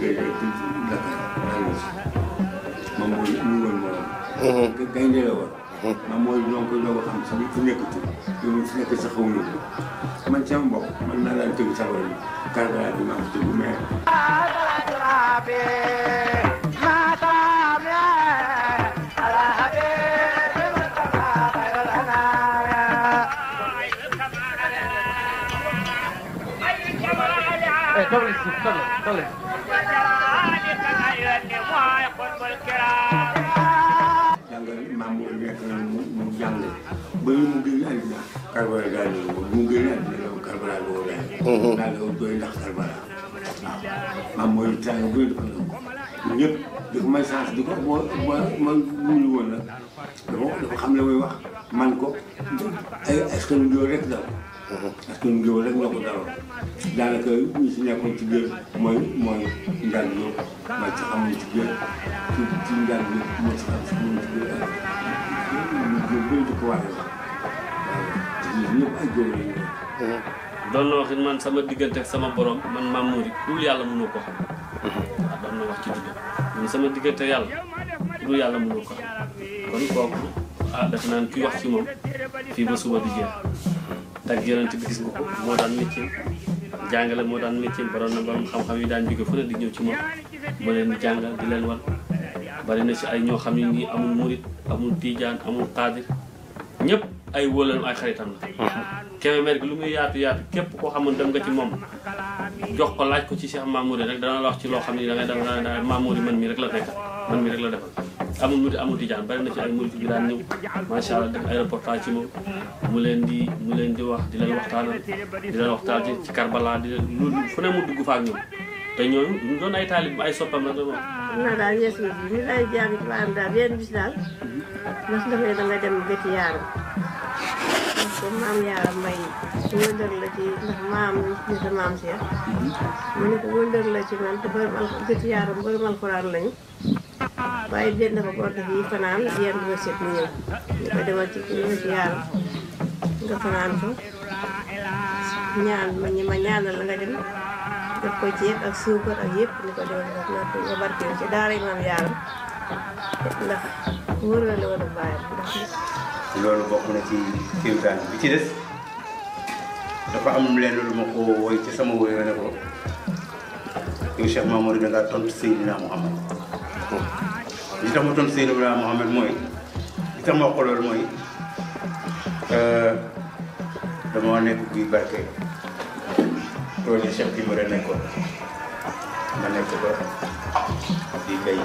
dégg kër Gaynde moom mooy ñu woon moom. Gaynde la mooy ñoo ko ñoo ko si fi nekkati ñoom fi nekk sax xawuñu ko man sama mbokk man naa daan tëgg sax wala kàlla bi maa ko jàppale jàngal maam boobu nekk na mu jàngale ba mu génn àddina karbala daal la woon mu génn àddina la karbala la woon daal la woon doy ndax karbala waaw maam mooy tàng bu ne dafa ñëpp dafa may sens di ko boo ma muñu woon la dafa dafa xam la muy wax man ko ay est-ce que lu rek daal ñun géwël daanaka ñu si ci mooy mooy Ndane Diop ci xam ñu ci biir ci doon na wax man sama diggante sama borom man Mame Mory ku yàlla mënoo ko xam waaw mhm. doon wax ci dugg man yàlla yàlla mënoo ko xam kon ah, naan ki wax ci moom fii ba suba di jeex tag yonent bi gis nga ko moo daan métier ak jàngale moo daan métier baroon na borom xam-xam yi daan jóge fu ne di ñëw ci moom moo leen di jàngal di leen war bari na si ay ñoo xam ne nii amul murit amul tiijaan amul xaadir ñëpp ay wóolam ay xaritam la Kébémer gi lu muy yaatu yaatu képp koo xamoon dem nga ci moom jox ko laaj ko ci Cheikh Mamour rek dana la wax ci loo xam ne da ngay def Mamour man mii rek la nekk man mii rek la defal amul murid amul tijaan bari na ci ay murid yu daan ñëw macha allah ci moom mu leen di mu leen di wax di leen waxtaanal di leen waxtaan ci Karbala di leen loolu fu ne mu dugg fa ak ñoom te ñooñu ñu doon ay taalib ay daal yees na ñu daal mas dafa ne danga dem bëti yaaram parce que maam yaaram mbay su wëndër la ci ndax maam ñu sa maam Cheikh mu ne ko wëndër la ci man te bëri bëti yaaram bëri alxuraan lañu waaye jënd na ko bor yi fanaan yenn ba set mu ñëw di ko ci nga fanaan ko ñaan ma ñi la nga dem def ko ceeb ak suukar ak yëpp ni ko demal nga barkeel ci daara yàlla ndax wóor la wala bàyyi loolu bokk na ci kéemtaan bi ci des dafa am lenn lu ma ko woy ci sama woy ne ko yow Cheikh Mamadou da ngaa tontu Seydina Mouhamad li tax ma doon Seydou Ibrahima Mohamed mooy li tax ma mooy euh, dama nekk guy barke projet Cheikh Timbéré nekkoon ma nekk ko di béy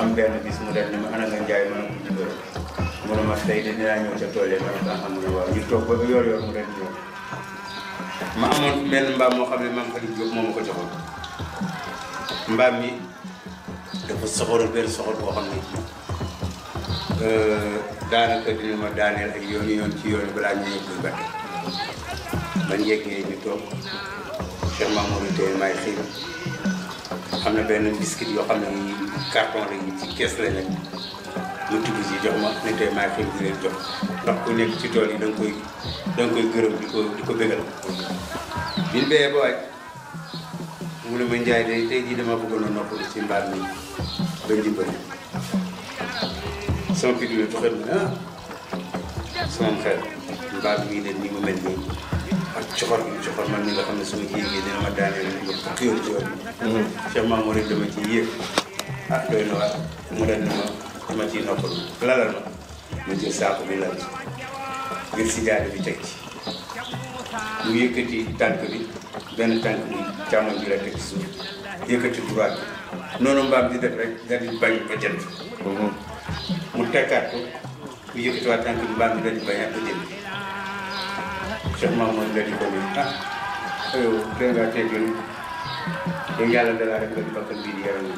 am benn bis mu dem ne ma ana nga njaay ma ne ko Timbéré mu ne ma tey de dinaa ñëw ca tool ma ne ko am ah, na waaw ñu toog ba bi yor yor mu dem ñëw ma amoon benn mbaam moo xam ne maam Aliou Diop moo ma ko joxoon mbaam mi dafa soxoru benn soxor boo xam ne euh, daanaka dina ma daaneel ak yoon yoon ci yoon balaa ñu yëg buñ batte man yeggee ñu toog Cheikh Mamadou tey may xiir am na benn biscuit yoo xam ne carton la yi ci kees la nekk mu tudd jox ndax ku nekk ci tool yi da koy da nga koy gërëm di ko di ko bégal biñ béyee ba waaj mu ne ma Njaay de tey jii dama bëggoon a noppalu ci mbaar mi dañ di bëri sama bi doxee mu ne ah sama xel mbaa mi de nii mu mel nii ak coxor bi coxor man mi nga xam ne su ma ciy yéegee dina ma daaneel ba fukki yoon ci yoon. Mhm. Cheikh Mamour it dama ciy yéeg ah doy na waat mu ne ma dama ciy noppal lalal ma ma jël saako bi lal bi teg ci mu yëkkati tànk bi benn tànk bi càmmoñ bi la teg ci suuf yëkkati droite noonu mbam di def rek dañu bañ ko jënd mu tekkat ko bu yëkëti wa tank bi daal dañu bañ ko jënd Cheikh Mamadou daal di ko ni ah ayo dénga té jël jënd dégg yàlla rek ko bakkal bi di yaram ni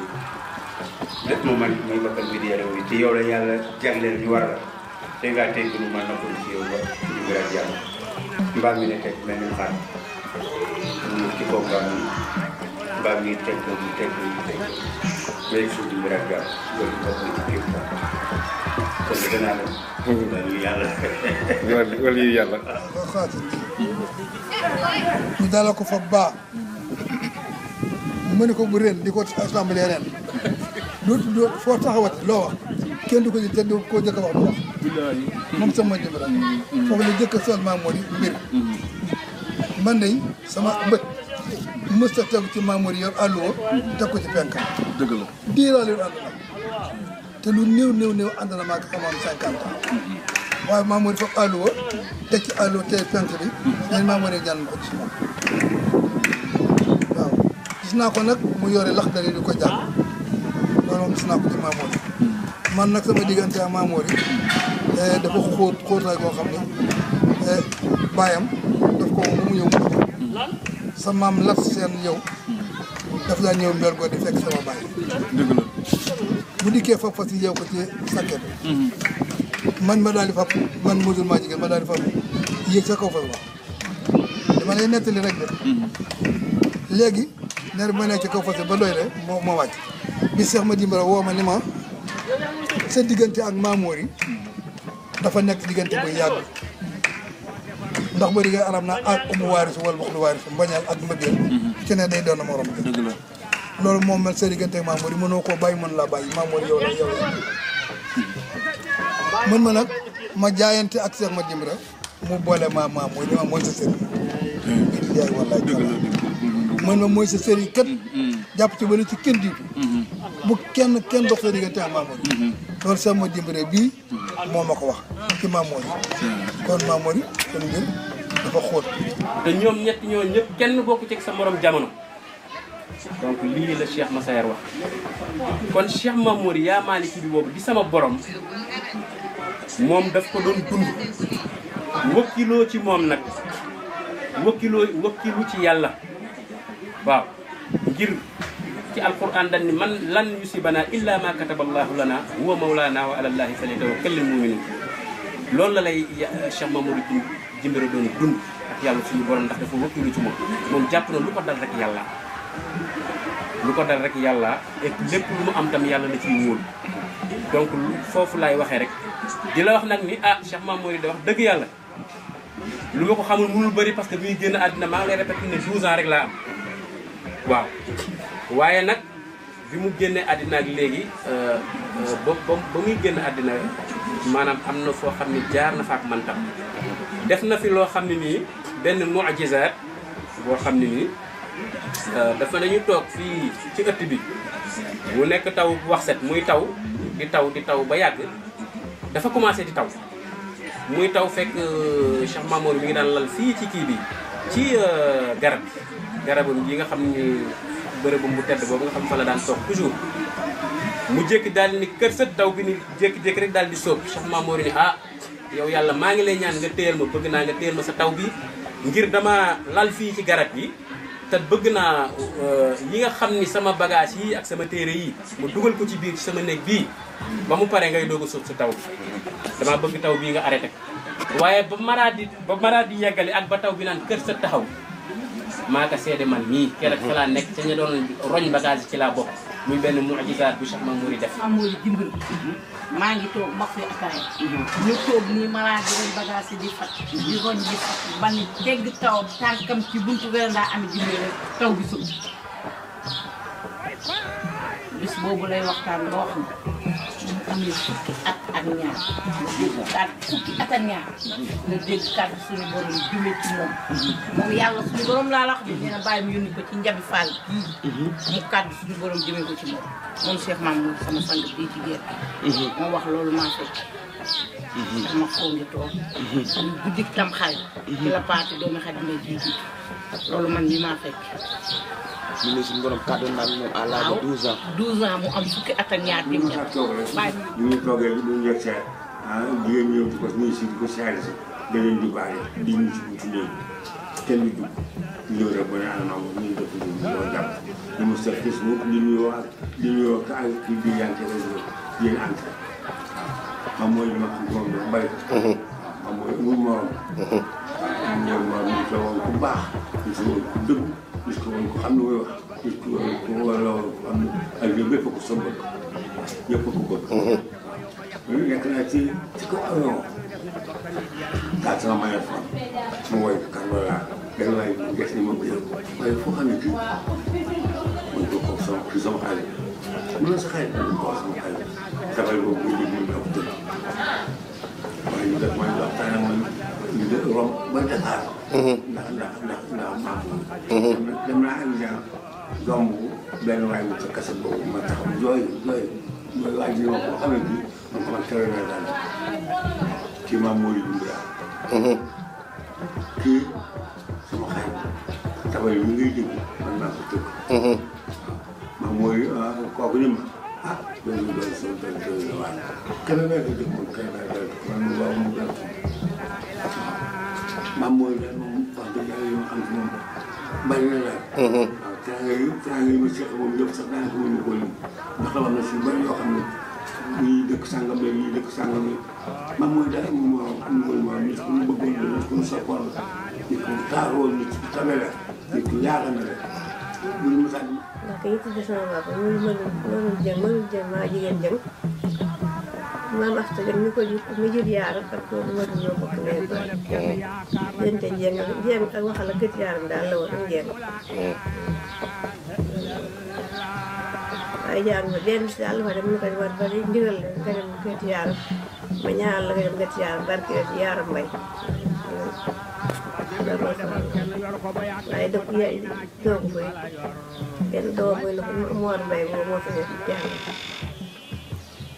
lépp mo man mooy bakkal bi di yaram ni te yow la yalla jagleel ñu war la dégg ngaa tey man na ko ci yow ba ñu ngi rajo yàlla mbaam mi ne teg mel xaar ci ko gam baam yi teg na mu teg na mu teg mais suñu mbiram jàpp loolu bokk na ci kéem daal kon danaa la. loolu yàlla. <laughs> loolu yàlla. ñu dalal ko fa baa. mu ne ko bu ren di ko assemblée ren. dootu doo foo taxawati loo wax kenn du ko jël te koo jëkk wax du wax moom sama jëmm mm-hmm. la foofu la jëkk sol maa moo di mbir man de sama bët mës set tegu ci Mamour yor àlluwa teg ko ci penk. dëgg la diiraa leen ànd na te lu néew néew néew ànd na maa ko amoon cinquante waaye Mamour foofu àlluwa teg ci àlluwa tey penk bi dañ Mamour ne ñaan naa ko nag mu yore man nag sama diggante ak Mamour yi eh, dafa xóot xóotaay koo xam ne eh, bàyyam daf ko mu mu yëngu sa maam lat seen yow daf laa ñëw mbel goo di fekk sama baay bu dikkee fab fas yi yow ko ci sakket mm-hmm. man ma daal di fab man musul maa jigéen ma daal di fab yéeg sa kaw fas ba dama lay nettali rek de mm-hmm. léegi ner bi nekk ci kaw fas ba doy le moo ma wàcc bi Seex ma dimbara woo ma ni ma sa diggante ak Mamour yi mm-hmm. dafa nekk diggante bu yàgg ndax boo déggee na al umu waarisu wala ak mbëggeel mm-hmm. loolu moom mel sa diggante ak Mamour yi mënoo koo bàyyi mën laa mm-hmm. ma nag ma ak Cheikh mu boole ma Mamour ni ma mooy sa sëriñ idi jaay wallaay mën ma mooy sa sëriñ kat mm-hmm. jàpp ci wala ci kenn kenn kenn dox sa diggante ak Mamour loolu Cheikh Madiambra bii moo ma ko wax ci Mamour kon Mamour yi kon ngir dafa te ñoom ñett ñoo ñëpp kenn bokku ci sa morom jamono donc lii la Cheikh Massaer wax kon Cheikh Mamour yaa Maaliki bi boobu di sama borom moom daf ko doon dund wëkkiloo ci moom nag wëkkiloo wëkkilu ci yàlla waaw ngir ci alquran dañ ni man lan yusibana illa ma kataballahu lana huwa mawlana wa ala llahi falyatawakkal al muminun loolu la lay Cheikh Mamour dund Jimbira doon dund ak yàlla suñu ci moom moom jàpp na lu ko dal rek rek yàlla et lépp mu am tam yàlla na ciy wóol foofu laay waxee rek di la wax nag ni ah Cheikh Mamour da wax dëgg yàlla lu ko xamul mënul bëri parce que bi ñuy génn àddina maa ngi lay rek laa am waaw waaye nag bi mu génnee àddina ak léegi euh, euh, ba ba muy génn àddina maanaam am na foo xam ne jaar na fa ak man tam def na fi loo xam ne nii benn mu'jizaat boo xam ne nii euh, dafa dañu toog fii ci ëtt bi mu nekk taw wax set muy taw di taw di taw ba yàgg dafa commencé di taw muy taw fekk euh, Cheikh Mamour mi ngi daan lal fii ci kii bi ci euh, garab garabam yi nga xam ni bërëbam bu tedd boobu nga xam fa la daan toog toujours mu jékki daal ni kër sa taw bi ni jékki-jékki rek daal di sóob Cheikh Mamour ni ah yow yàlla maa ngi lay ñaan nga téyal ma bëgg naa nga téyal ma sa taw bi ngir dama lal fii ci garab yi te bëgg naa euh, yi nga xam ni sama bagage yii ak sama téere yi mu dugal ko ci biir ci sama néeg bii ba mu paree ngay doog a suuf sa taw bi dama bëgg taw bii nga arrêté waaye ba maraadi ba maraadi yeggale ak ba taw bi naan kër sa taxaw maa ko seede man mii keroog fa laa nekk ca ña doon roñ bagage ci laa bopp muy benn mujisaat bu Cheikh Mamour def. Mamour dimbali. Mhm. maa ngi toog mbokk yi ataaya. Mhm. ñu toog nii malade yi doon bagage di fat. di roñ di fat ba ni dégg taw tànkam ci buntu veranda am dimbali rek taw bi sëb. bis boobu lay waxtaan ba wax ni. am na fukki at ak ñaar. daal fukki at ak ñaar. nga dégg kàddu suñu moom. moom yàlla suñu borom laa wax de dina bàyyi mu yónni ko ci njabi Fall. mu kàddu suñu borom jëmee ko ci moom. moom Cheikh Mamour sama sang bii ci géer. moo wax loolu maa fekk. dama xaw ma toog. Mhm. guddi tam xarit. ci mhm. la paati doomi xarit nga loolu man mii maa fekk. ñu ne suñu borom kàddu naa moom à l'âge de 12 ans. 12 ans mu am fukki at ak ñaar dem ñaar. bàyyi ñu ñu toogee ñu ñu yegg di ko ñuy si di ko siyaare di baale ah, di mu seet gis mu li ñuy wax li ñuy wax ka ay kii bi yànke mooy ma xam moom dafa bari. Mhm. mooy amul morom. Mhm. vraiment nit la woon ku baax nit la woon ku dëgg nit la woon ku xam lu muy wax nit ku war a woon ku am ak yow ñëpp ko sa bëgg ñëpp ko bëgg. loolu nekk naa ci ci kaw avion daa sama maye fan mu woy ko Karbala benn waay bu gis ni ma ko jël waaye foo xam ne kii mën ko ko sama kii sama xarit mën na sa xarit ko sama xarit xarit boobu muy déglu ñu daw dëgg mooy ñu def mooy dox kanam ñu def romb ba Dakar. ndax ndax ndax ndax maa ngi. dem naa am ja domb benn waay bu ko kese boobu ma taxaw jooy jooy mooy waa ji wax boo xam ne bii man man tere naa daal kii maam moo di dund daal. kii sama xarit tabal yi mu ngi dégg man maa ko tëgg. maam mooy kooku ni ma. ah loolu loolu suñu benn benn la waaye keneen ak a jëmul keneen ak a man mu baax mu gën maam mooy daal moom wax dëgg yàlla yoo xam moom bari na daal. waaw teraanga yi teraanga yi ma seq moom yëpp sax daanaka mënu ko lim ndax wax na si bari yoo xam ne ñii dëkk sàngam la ñii dëkk sàngam la maam mooy daal moom moo am mooy moo nit ku mu bëggoon la nit ku mu soppoon la nit ku mu taaroo nit ku tabe la nit ku yaakaar na la loolu mos a ndax te yitti di sama baaba mënul mënul jëm mënul jëm maa jigéen jëm maam asta jëm ñu ko jur yaaram ak moom mënul ñoo bokk leen doon jënte jéng jéng ak ma benn si daal dafa dem la nga dem gët yaaram ma ñaanal la nga waaye dëkk yaa doogu fay benn doom mooy la ko moo fi nekk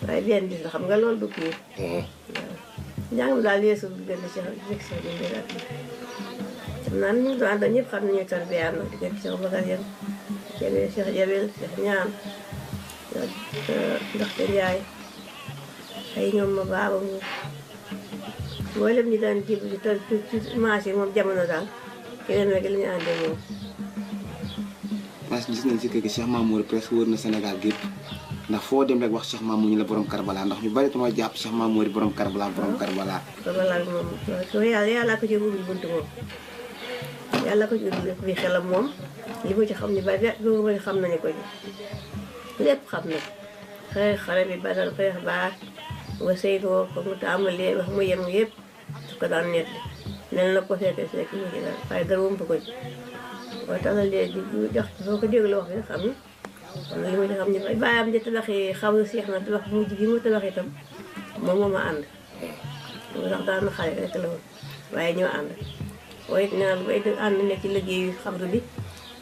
jàng waaye xam nga loolu du kii. Eh. waaw njàng mi daal yeesu xam naa ñu doon àndal ñëpp xam nañu tarbiya na di jëkk Cheikh Bakar Yen jëlee Cheikh Jabel Cheikh ay ñoom ma baaba mu mboolem daan jib di toog moom jamono daal keneen rek la ñu àndee moom parce que gis nañ si que Cheikh Mamour presque wër na Sénégal gépp ndax foo dem rek wax Cheikh Mamour ñu la borom Karbala ndax ñu bari dama jàpp Cheikh Mamour borom Karbala borom Karbala. Karbala moom soo yàlla moom xelam moom li ma ci xam ni ba ba xam nañu ko ci lépp xam ne xëy xare bi badal xëy baax nga saytoo yem yëpp su ko daan nekk mel na ko seetee seet mu ci dara waaye dara wumtu ko ci. waaye tànnal leen di jox soo ko déglu wax bi nag xam nga kon nag li ma xam ne bàyyam di tabaxee xaw na seex na tabax bu mujj bi mu tabax itam moom moo ma ànd loolu sax daan na xale rek la woon waaye ñoo ànd waaye it naa bay ànd nekk ci liggéeyu xamru bi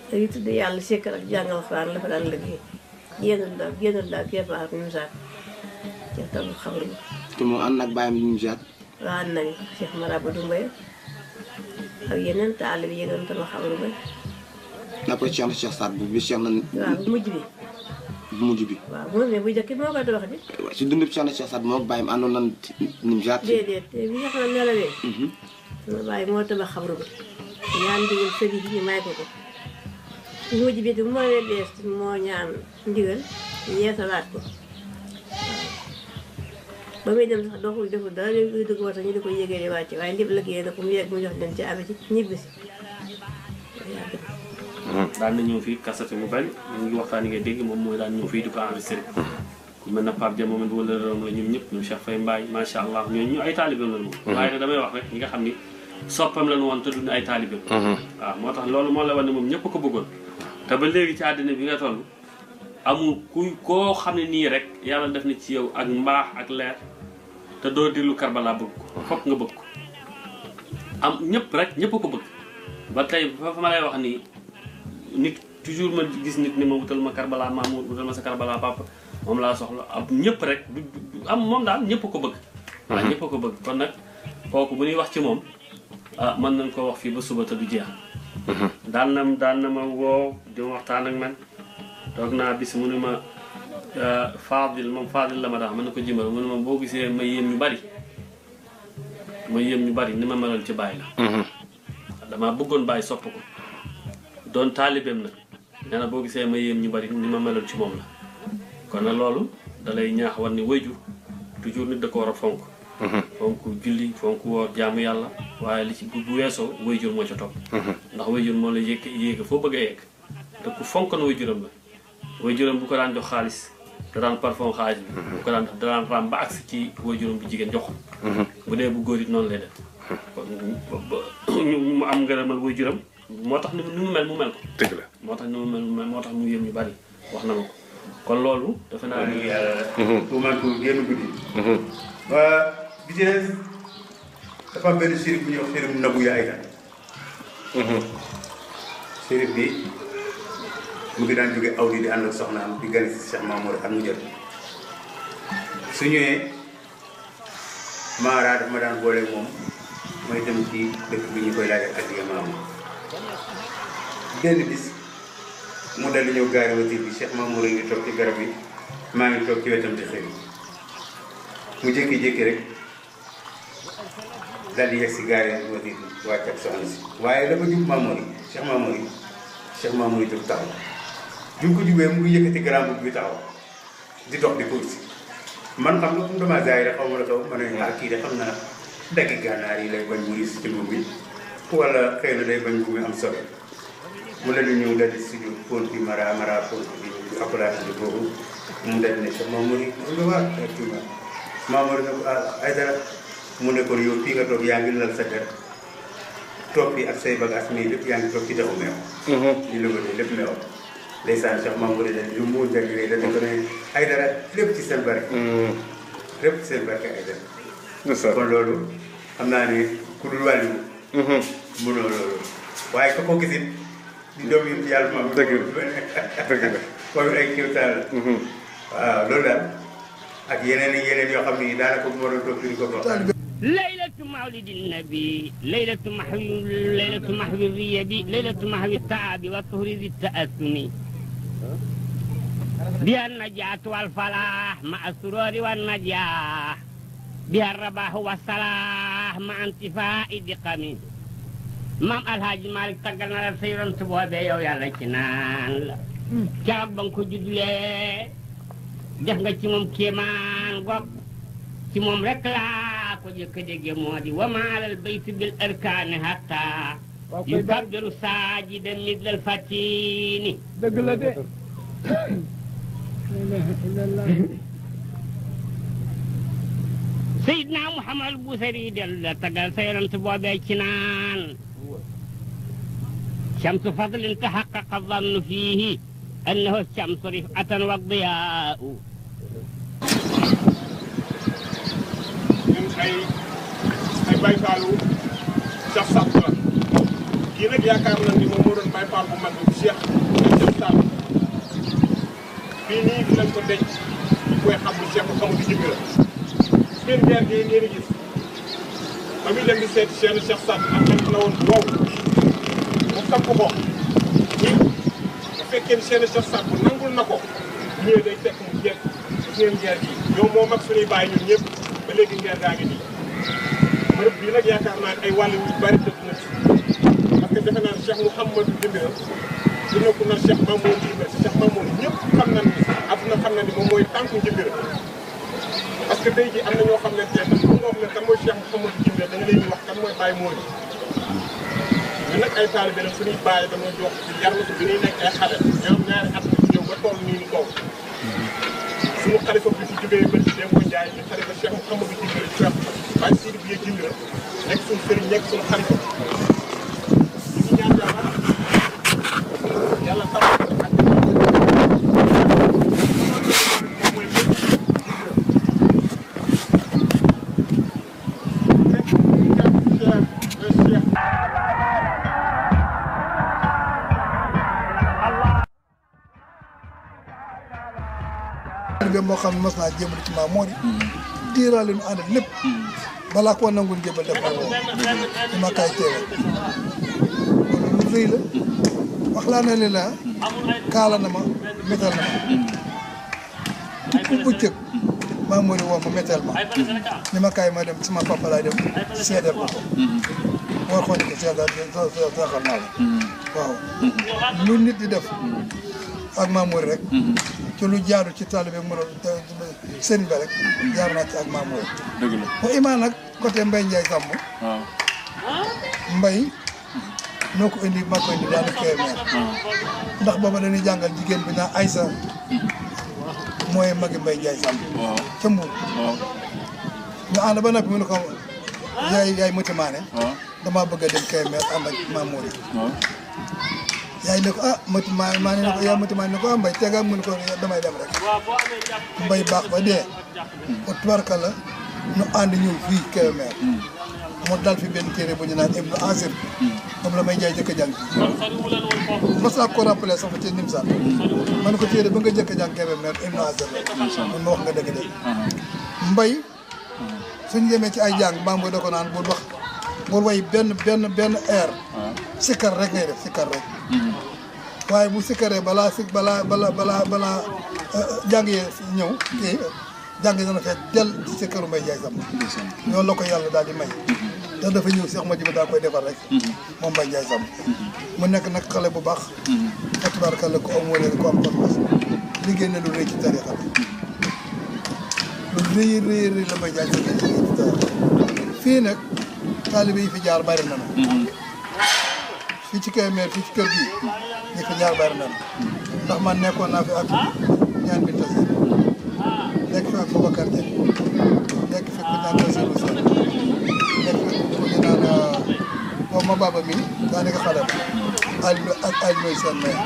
te yu tudd yàlla sekkal ak jàngal waxtaan la fa daan liggéey génnul daal génnul daal keppaar ñu saat ci tam xamru bi te moo ànd ak bàyyam ñu saat waaw ànd nañu Cheikh Mara Badou Mbaye ak yeneen taalibe yi doon tabax xamru ba après Cheikh na Cheikh Saad bu bi na. waaw bu mujj bi. bu mujj bi. waaw bu mujj bu njëkk bi moo koy dox di. si dundub bi nga xam ne nelawee. Mhm. sama bàyyi ba. ñaan ndigal sëriñ bi ñu may ko ma leen dees moo ñaan ndigal yeesalaat ko. ba muy dem sax doxul deful dara luy dugg war sax ñu di ko yëgee di mu jox leen ci abe si. daan na fi fii mu bañ ñu ngi waxtaan yi ngay dégg moom mooy daan ñu fi di ko enregistré ku mel na Pape Dia moom it wala la ñun ñëpp ñoom Cheikh Faye Mbaye macha allah ñooñu ñu ay taalibe lañu moom waaye nag damay wax rek ñi nga xam ni soppam lañu woon te duñu ay taalibe waaw moo tax loolu moo la wan ne moom ñëpp ko bëggoon te ba léegi ci àddina bi nga toll amul kuy koo xam ne nii rek yàlla def na ci yow ak mbaax ak leer te doo dillu karbala bëgg ko fokk nga bëgg ko am ñëpp rek ñëpp ko bëgg ba tey fa ma lay wax nii nit toujours ma gis nit ni ma wutal ma karbala ma mu wutal ma sa karbala papa mom la soxla ab ñepp rek am mom daal ñepp ko bëgg mhm. wa ñepp ko bëgg kon nak koku bu ñuy wax ci mom ah man nañ ko wax fi ba suba ta du jeex mhm. daan na daan na ma wo di waxtaan ak man tok na bis mu ne ma ah, faadil mom faadil la ma dax man ko jimbal mu ne ma boo gisee ma yéem ñu bari ma yéem ñu bari ni ma maral ci bayila mhm. dama bëggoon bay sopp ko doon taalibeem nag nee na boo gisee ma yéem ñu bari li ma meloon ci moom la kon nag loolu dalay ñaax war ni wayjur toujours nit da ko war a fonk mhm. fonk julli fonk woor jaamu yàlla waaye li ci bu weesoo wayjur moo ca topp mhm. ndax wayjur moo la yéeg yéeg foo bëgg a yegg te ku fonkoon wayjuram la wayjuram bu ko daan jox xaalis da daan parfum xaalis bi mhm. bu ko daan daan raam ba agsi ci wayjuram bu jigéen jox bu dee bu góor it noonu lay def kon mu <coughs> am ngërëmal wayjuram moo tax ni mu mel mu mel ko dëgg la moo tax ni mu mel mu mel moo tax mu yëm ñu bari wax na ma ko kon loolu dafa naa ni euh, mhm. mu mel ko génn guddi waa bi ci dafa am benn sirif bu ñuy wax sirif nabu yaay la mhm. sirif bi mu ngi daan jóge aw di di ànd ak soxnaam di gane si Cheikh Mamour ak mu jël su ñëwee Mara daf daan boole moom may dem ci dëkk bi ñu koy laajal ak Maamu benn bis mu dal di ñëw gaari watir bi Cheikh Mamour a ngi toog ci garab yi maa ngi toog ci wetam di xëy mu jékki-jékki rek dal di yegg si gaari watir bi wàcc ak jub Mamour yi Cheikh Mamour yi Cheikh Mamour yi jóg di dox di ko si man xam nga comme damaa xaw ma la taw ma ne ah kii de xam naa daggi gànnaar yi lay bañ mu riis ci mbubb bi wala xëy na day bañ bu muy am solo. mu lalu ñëw dal studio ponti mara mara ponti bi apparence bi boobu mu dal ne sa Mamour lu waa Touba Mamour ne ko ay ah, dara mu ne ko yow fii nga toog yaa ngi lal sa der lépp yaa ngi toog ci dexu meew ñu la ko ne lépp meew ndeysaan Cheikh Mamour dañ lu ci seen barke mhm. lépp ci seen naa ne mhm. waaye ka ko gisit doom yi yàlla moom. dëgg la dëgg la. kon ay kiiwtaan la. waaw loolu daal ak yeneen yeneen yoo xam ne daanaka moo doon toog ko wax. laylatu mawlidin nabi laylatu mahwi laylatu mahwi riyadi laylatu mahwi taabi wa tuhri di taasumi biha najaat wal falah ma asrori wan najah biha rabah wa salah ma antifa diqami maam alhaaji Malick taggal na la sa yonent boobee yow yàlla ci naan la mm. keroog ba nga ko juddulee def nga ci moom kéemaan goog ci moom rek laa ko jëkk a déggee moo di wamaalal bayti bil arkaani hatta yu kabbiru saajida midlal fatini dëgg la de Seydina Muhammad Busiri dellu la taggal sa yonent boobee ci naan شمس فضل تحقق الظن فيه أنه الشمس رفعة والضياء ay ay bayfaalu Cheikh Sall la kii nag yaakaar na ni moom moo doon bayfaal bu mag bi Cheikh Cheikh Sall fii nii dinañ ko denc koy xam ne Cheikh bu xamul di jëmmi la seen gerte yi ngeen gis ma muy dem di seet Cheikh Cheikh Saad am la woon wow mu samp ko ni bu fekkee ni Cheikh Cheikh nangul na ko ñëwee day fekk mu jeex gis ngeen ngeer gi ñoom moo mag suñuy bàyyi ñun ñëpp ba léegi ngeer daa ngi nii bërëb bii nag yaakaar naa ay wàll yu bari dëkk na ci parce que defe naa Cheikh Mouhamadou ko na xam na ni moom mooy tànku Djimbira parce que tey am na ñoo xam ne tey mooy Cheikh Mouhamadou Djimbe da nga leen di wax kan mooy Baye Mody ñu nag ay taalibe nag suñuy bàyyi dañoo jox bi ñuy nekk ay xale ñoom ñaari at ñu ñëw ba toll suñu xalifa bi fi jógee ba ci Demba nekk suñu sëriñ nekk suñu xalifa yàlla yàlla problème moo xam ne mos naa jébbal ci maam moo di diiraa leen ànd lépp balaa koo nanguñ jébbal def ko di ma kaay teewe loolu lu la wax laa ne leen kaala na ma métal na ma ku bëccëg maa moo woo ma métal ma ni ma kaay ma dem sama papa laay dem seedal ko war xool ko seedal saxar naa waaw lu nit di def ak maam rek te ci taalibe ak moroom sëriñ ba rek jaar naa ci ak maam woowu. dëgg la bu imaam nag côté Mbaye ko indi maa indi daal di KMR. ndax booba dañuy jàngal jigéen bi naa Aïssa mooy magi Mbaye Ndiaye Samb. ca Mbour. ñu ànd ba noppi mu ne ko yaay yaay mutimaane. waaw damaa bëgg dem KMR ànd ak maam Mori. yaay ne ko ah mati maa maa ko yaa mati maa ne ko ah ko damay dem rek mbay baax ba dee ba tubarkalla ñu ànd ñun fii Kébémer mu dal fi benn téere bu ñu naan Ibnu Asir moom la may jaay jëkk a jàng mos naa ko rappelé sax fa ci ba nga jëkk a jàng Kébémer Ibnu Asir la man dëgg dëgg mbay suñ demee ci ay jàng mbaam da ko naan bul wax bul way benn benn benn air. Ah. sikkar rek ngay def sikkar rek. Mm-hmm. waaye mu sikkaree balaa si balaa balaa balaa balaa euh, euh, jàng yee ñëw. jàng dana fekk del ci sikkaru Mbaye Ndiaye Samb. la ko yàlla daal di may. Mm-hmm. te dafa ñëw Cheikh Madiba daa koy defar rek. Mm-hmm. moom Mbaye Ndiaye Samb. mu nekk nag xale bu baax. te tubaarkalla ko am wala ko am pas-pas. liggéey na lu rëy ci tarixa lu rëy rëy rëy la Mbaye Ndiaye Samb fii nag. taalibe yi fi jaar bari nañu. fii ci Kébémer fii ci kër gi ñi fi jaar bari ndax man nekkoon naa fi ak ñaan bi tas nekk fi ak Boubacar Dieng nekk fi ku ñaan Basiru Seen nekk fi ku ñu ma baba mi daanaka xale ba Aliou ak Aliou seen maire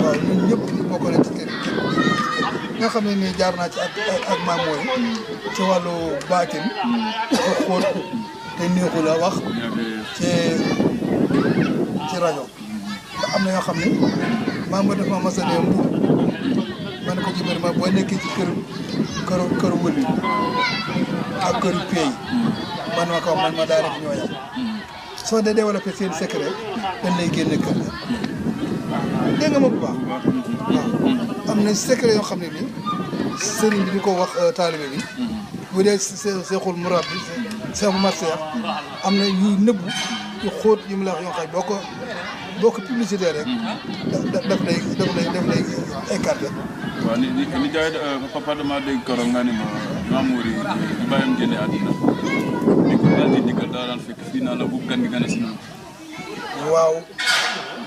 waaw ñun ñëpp ñu ci kër nga xam ne nii jaar naa ci ak maam mooy ci wàllu baatin dafa te neexu la wax ci rajo am na yoo xam ne maam ma dafa mas a ne mbuur ma ne ko ci mbir ma boo nekkee ci kër kër kër wëli ak kër pay ma ko man ma daa rek ñoo yàgg soo dee développé seen secret dañ génne kër la dégg nga ma bu am na secret yoo xam ne nii sëriñ bi di ko wax euh, taalibe bi bu dee seexul murabbi Cheikh Oumar Cheikh am na yuy nëbbu yu xóot yu mu la wax yoo xam boo ko boo ko publicité rek. daf lay daf lay daf waaw ni ni euh, ma Mamour yi di bàyyam génne àddina waaw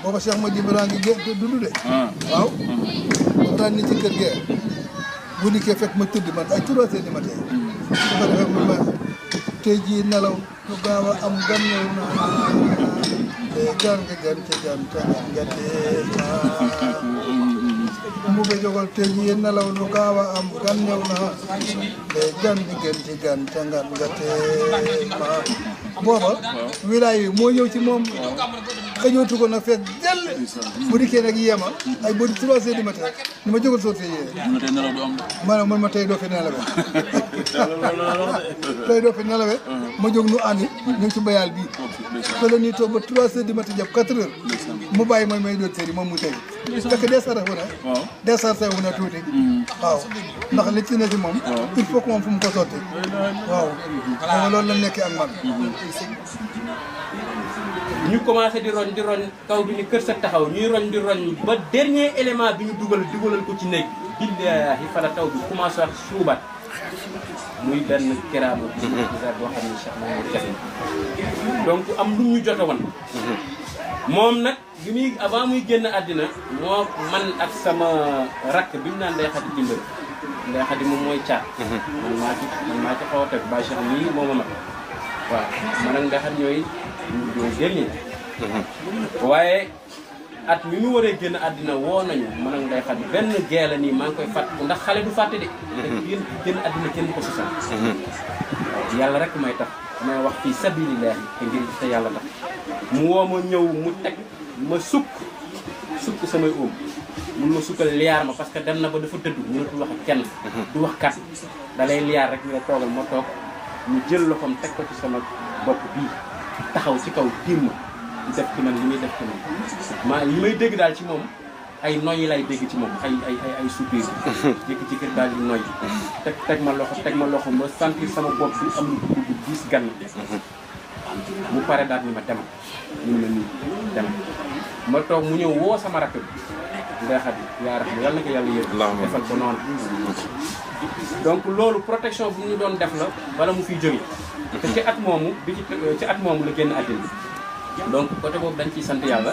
booba Cheikh ma Djibril ngi gën te dund de. Ah. waaw. waxtaan ni ci kër gee bu dikkee ma ma. tey jii nelaw lu gaaw a am gan ñëw na gàncax gàncax gàncax mu bëgg a tey jii nelaw lu gaaw a am gan ñëw na gàncax gàncax gàncax booba wilaay yi moo ñëw ci moom xëñootu ko na fees dell bu dikkee nag yema ay boo di trois heures du ni ma jógal soo tey yéene ma ma tey doo fi nelawe <laughs> tey doo ma jóg nu àndi ñu ngi ci mbayaal bii fa la ñuy toog ba trois heures du matin jàpp quatre heures mu bàyyi ma may doon tey moom mu tey parce que décharge wu na décharge wu na tuuti mm-hmm. waaw ndax li ci ne si moom il faut que moom fu mu ko sotti waaw danga loolu mm-hmm. ñu commencé di roñ di bi ni kër sa taxaw ñuy roñ di roñ ba dernier élément bi ñu dugal dugalal ko ci néeg billaahi fala taw bi commencé wax suubat muy benn kiraama bi mm-hmm. boo donc am lu ñu jote woon moom nag gi muy avant muy génn àddina moo man ak sama rakk bi ñu naan day xati ci mbër day xati moom mooy caat mhm. man maa ci man maa xaw a teg bâche am nii moo ma mag waaw man ak ndaxat ñooy mhm. waaye at mi mu waree génn àddina woo nañu man ak nday xat benn geela nii maa ngi koy fàttiku ndax xale du fàtte de mhm. te génn génn àddina kenn ko si sax yàlla rek may tax may wax fii sabilillah te ngir yàlla tax mu woo ma ñëw mu teg ma sukk sukk samay óom mun ma sukkal liyaar ma parce que dem na ba dafa dëdd mënatul wax ak kenn mhm. du wax kat da lay liyaar rek ñu toogal ma toog mu jël loxoom teg ko ci sama bopp bii taxaw ci kaw tiim ma di def ci man li muy def ci man ma li may dégg daal ci moom ay noyyi lay dégg ci moom ay ay ay ay soupir <laughs> ci kër daal di noyyi teg teg ma loxo teg ma loxo ma sentir sama bopp bi am lu dix gan la des mu macam, daal ni ma demal ñu ne nii demal ma toog mu ñëw woo sama rakk bi ndey xadi yaa rax yàlla na ko yàlla yëg defal ko noonu donc loolu protection bu ñu doon def la bala mu fiy jóge te ci at moomu bi ci ci at moomu la génn àddina donc côté boobu dañ ciy sant yàlla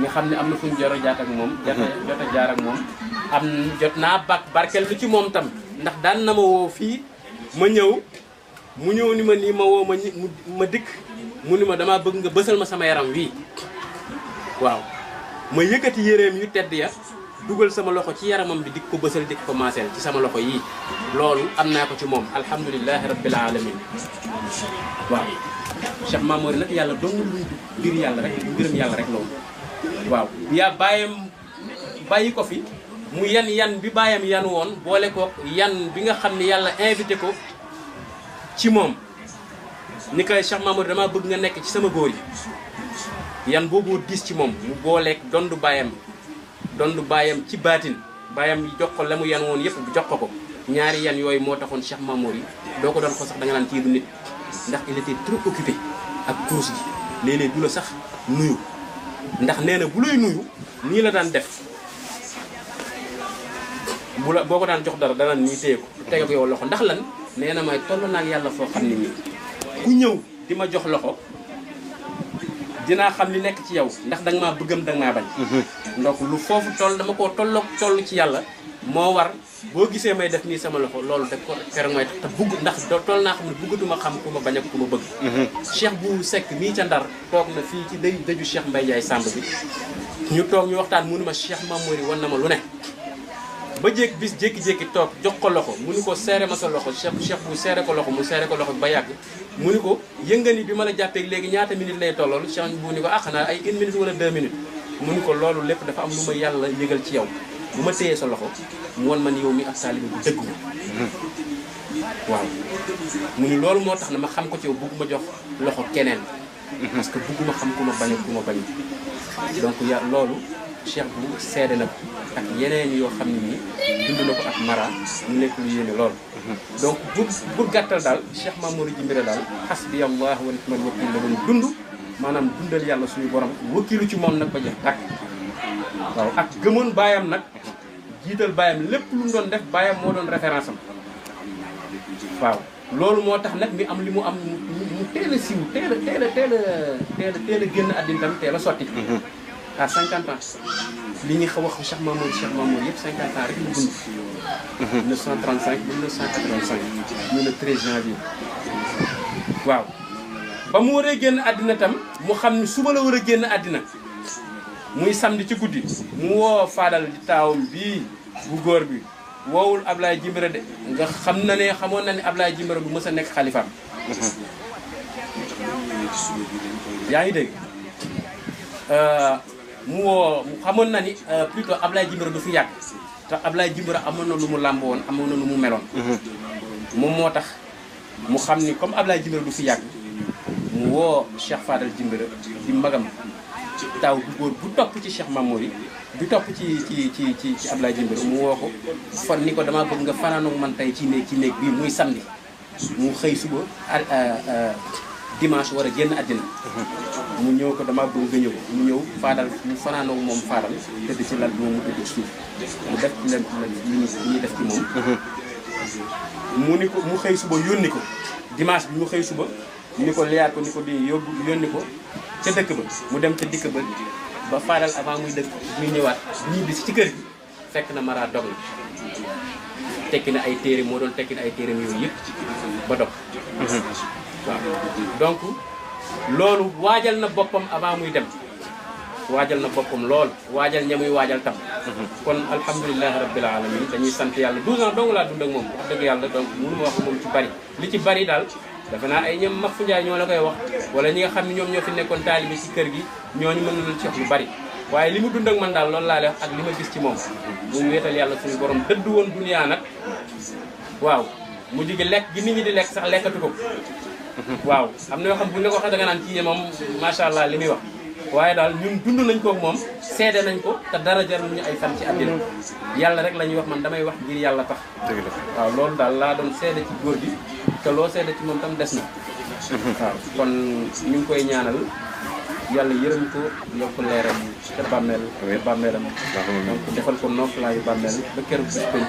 ni xam ne am na jaat ak moom jota jaar ak moom am jot bak barkel lu ci moom tam ndax dan na ma woo fii ma ñëw mu ñew ni ma ni ma wo ma ma dik mu ni ma dama bëgg nga bëssal ma sama yaram wi waaw ma yëkëti yu tedd ya duggal sama loxo ci yaramam bi dik ko bëssal dik ko masel ci sama loxo yi loolu am ko ci mom alhamdullilah rabbil alamin waaw cheikh mamour nag yàlla dongul luy bir yalla rek ngirum yalla rek loolu waaw ya bayam iyan, ko fi mu yan yan bi bayam yan won boole ko yan bi nga xamni yalla invité ko ci moom ni koy Cheikh Mamadou dama bëgg nga nekk ci sama góor yi yan booboo diis ci moom mu booleeg dondu baayam dondu baayam ci baatin baayam yi jox ko la mu yan woon yëpp jox ko ko ñaari yan yooyu moo taxoon Cheikh Mamadou yi doo ko doon ko sax danga nga naan kii du nit ndax il était trop occupé ak course gi léeg du la sax nuyu ndax nee na bu lay nuyu nii la daan def boo ko daan jox dara dana nii téye ko tegal yow loxo ndax lan nee na may toll naa yàlla foo xam ne nii ku ñëw di ma jox loxo dinaa xam ni nekk ci yow ndax danga ma bëggam danga maa bañ. ndox mhm. lu foofu toll dama koo tolloog toll ci yàlla moo war boo gisee may def nii sama loxo loolu da ko fer mooy tax te bugg ndax toll naa xam ne buggatuma xam ku ma bañ ak ku ma bëgg. Mhm. Cheikh bu sekk mii ca Ndar toog na fii ci dëj daju Cheikh mbay jaay Samb bi ñu toog ñu waxtaan mënuma Cheikh Mamour wo na ma lu ne. ba jékki bis toog jox ko loxo mu ni ko seere ma sa loxo cheikh cheikh bu seere ko loxo mu seere ko ba yàgg mu ni ko yëngani bi ma la jàppee léegi ñaata minute lay tollool cheikh bu ni ko ah xanaa ay une minute wala deux minutes mu ni ko loolu lépp dafa am lu ma yàlla yëgal ci yow bu ma téyee sa loxo mu won man yow mi ak taalibi bu dëgg waaw mu ni loolu moo tax na ma xam ko ci yow ma jox loxo keneen mm-hmm. parce que ma xam ku ma bañ ku ma bañ donk ya loolu cheikh bu seede la ak yeneen yoo xam ne nii dund na ko ak mara mu nekk lu yéene lool donc bu bu gàttal daal cheikh Mamadou Djimbira daal xasbi allah wa ni'mal wakil la doon dund maanaam dundal yàlla suñu borom wakilu ci moom nag ba jeex tàkk waaw ak gëmoon baayam nag jiital baayam lépp lu doon def baayam moo doon référence am waaw loolu moo tax mi am li am mu teel a siiw teel a teel a génn àddina tam teel a à 50 ans li ñuy wax Cheikh Mamour mhm. waaw ba mu waree génn àddina tam mu xam ne suba la war a génn àddina muy samedi ci guddi mu woo Fadal di taawam bii bu góor bi wowul woowul Ablaye Jimbira de nga xam na ne xamoon na ne Ablaye Jimbira bu mës a nekk xalifaam mhm. yaa ngi mu woo xamoon na ni euh, plutôt Ablaye Jimbira du fi yàgg te Ablaye Jimbira amoon na lu mu làmb woon amoon na lu mu meloon mhm. moom moo tax mu xam ni comme Ablaye Jimbira du fi yàgg mu woo Cheikh Fadal Jimbira di magam taw bu bu topp ci Cheikh Mamour yi bi topp ci ci ci ci ci Ablaye Jimbira mu woo ko ni ko damaa bëgg nga fanaanoog man tey ci néeg ci néeg bii muy samedi mu xëy suba euh, euh, dimanche war a génn àddina mu ñëw ko dama bëgg nga ñëw mu ñëw faadal ñu fanaanoog moom faadal tëdd ci lal bi moom mu tëdd ci suuf mu def ci leen li ñuy def ci moom mu ni ko mu xëy suba yónni ko dimanche bi mu xëy suba ni ko liyaar ko ni ko di yóbbu yónni ko ca dëkk ba mu dem ca dikk ba ba faadal avant muy dëkk muy ñëwaat ñibbi si ci kër gi fekk na mara dog na tekki na ay téere moo doon tekki na ay téere yooyu yëpp ba dog waaw donc loolu waajal na boppam avant muy dem waajal na boppam lool waajal ña muy waajal tam kon alhamdulilahi rabbil alamin dañuy sant yàlla 12 ans dong laa dund ak moom wax dëgg yàlla donc mënu ma wax moom ci bari li ci bari daal dafa naa ay ñoom Mafou Ndiaye ñoo la koy wax wala ñi nga xam ne ñoom ñoo fi nekkoon taalibe si kër gi ñooñu mën na leen ci wax lu bari waaye li mu dund ak man daal loolu laa lay ak li ma gis ci moom muy wéetal yàlla suñu borom dëdd woon duniyaa nag waaw mu jigi gi nit ñi di lekk sax lekkatu ko waaw am na yoo xam bu ñu la ko waxee da nga naan kii moom macha allah li muy wax waaye daal ñun dund nañ ko moom seede nañ ko te dara jarul ñu ay fan ci àddina yàlla rek la ñuy wax man damay wax ngir yàlla tax waaw loolu daal laa doon seede ci góor gi te loo seede ci moom tam des na waaw kon ñu ngi koy ñaanal yàlla yërëm ko leeram te bàmmeel te bàmmeelam defal ko noof laayu bàmmeel ba kër bis penc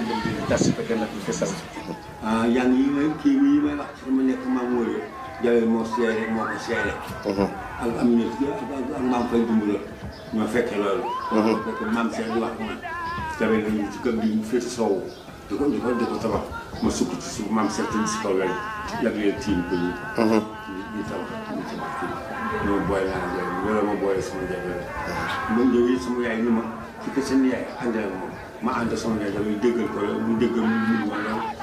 tas ba gën a fi yan yi may kii yi may wax ci sama nekk maam Mawla Jalle moo seere moo ko seere. ak am na ak ak maam Faye Diouf la ñoo fekke loolu. parce que maam Seydou wax man jawe nañu ci kër gi mu féete soowu di ko di ko di ko tabax ma sukk ci suuf maam Seydou si kaw lañ yàggee tiim ko ñu. di tabax di tabax kii ñoom booy naa jawe loolu ma booyee sama jawe la. ma ñëwee sama yaay ni ma ci kër seen yaay àndal moom ma ànd sama yaay damay déggal ko mu déggal mu mu ma lool.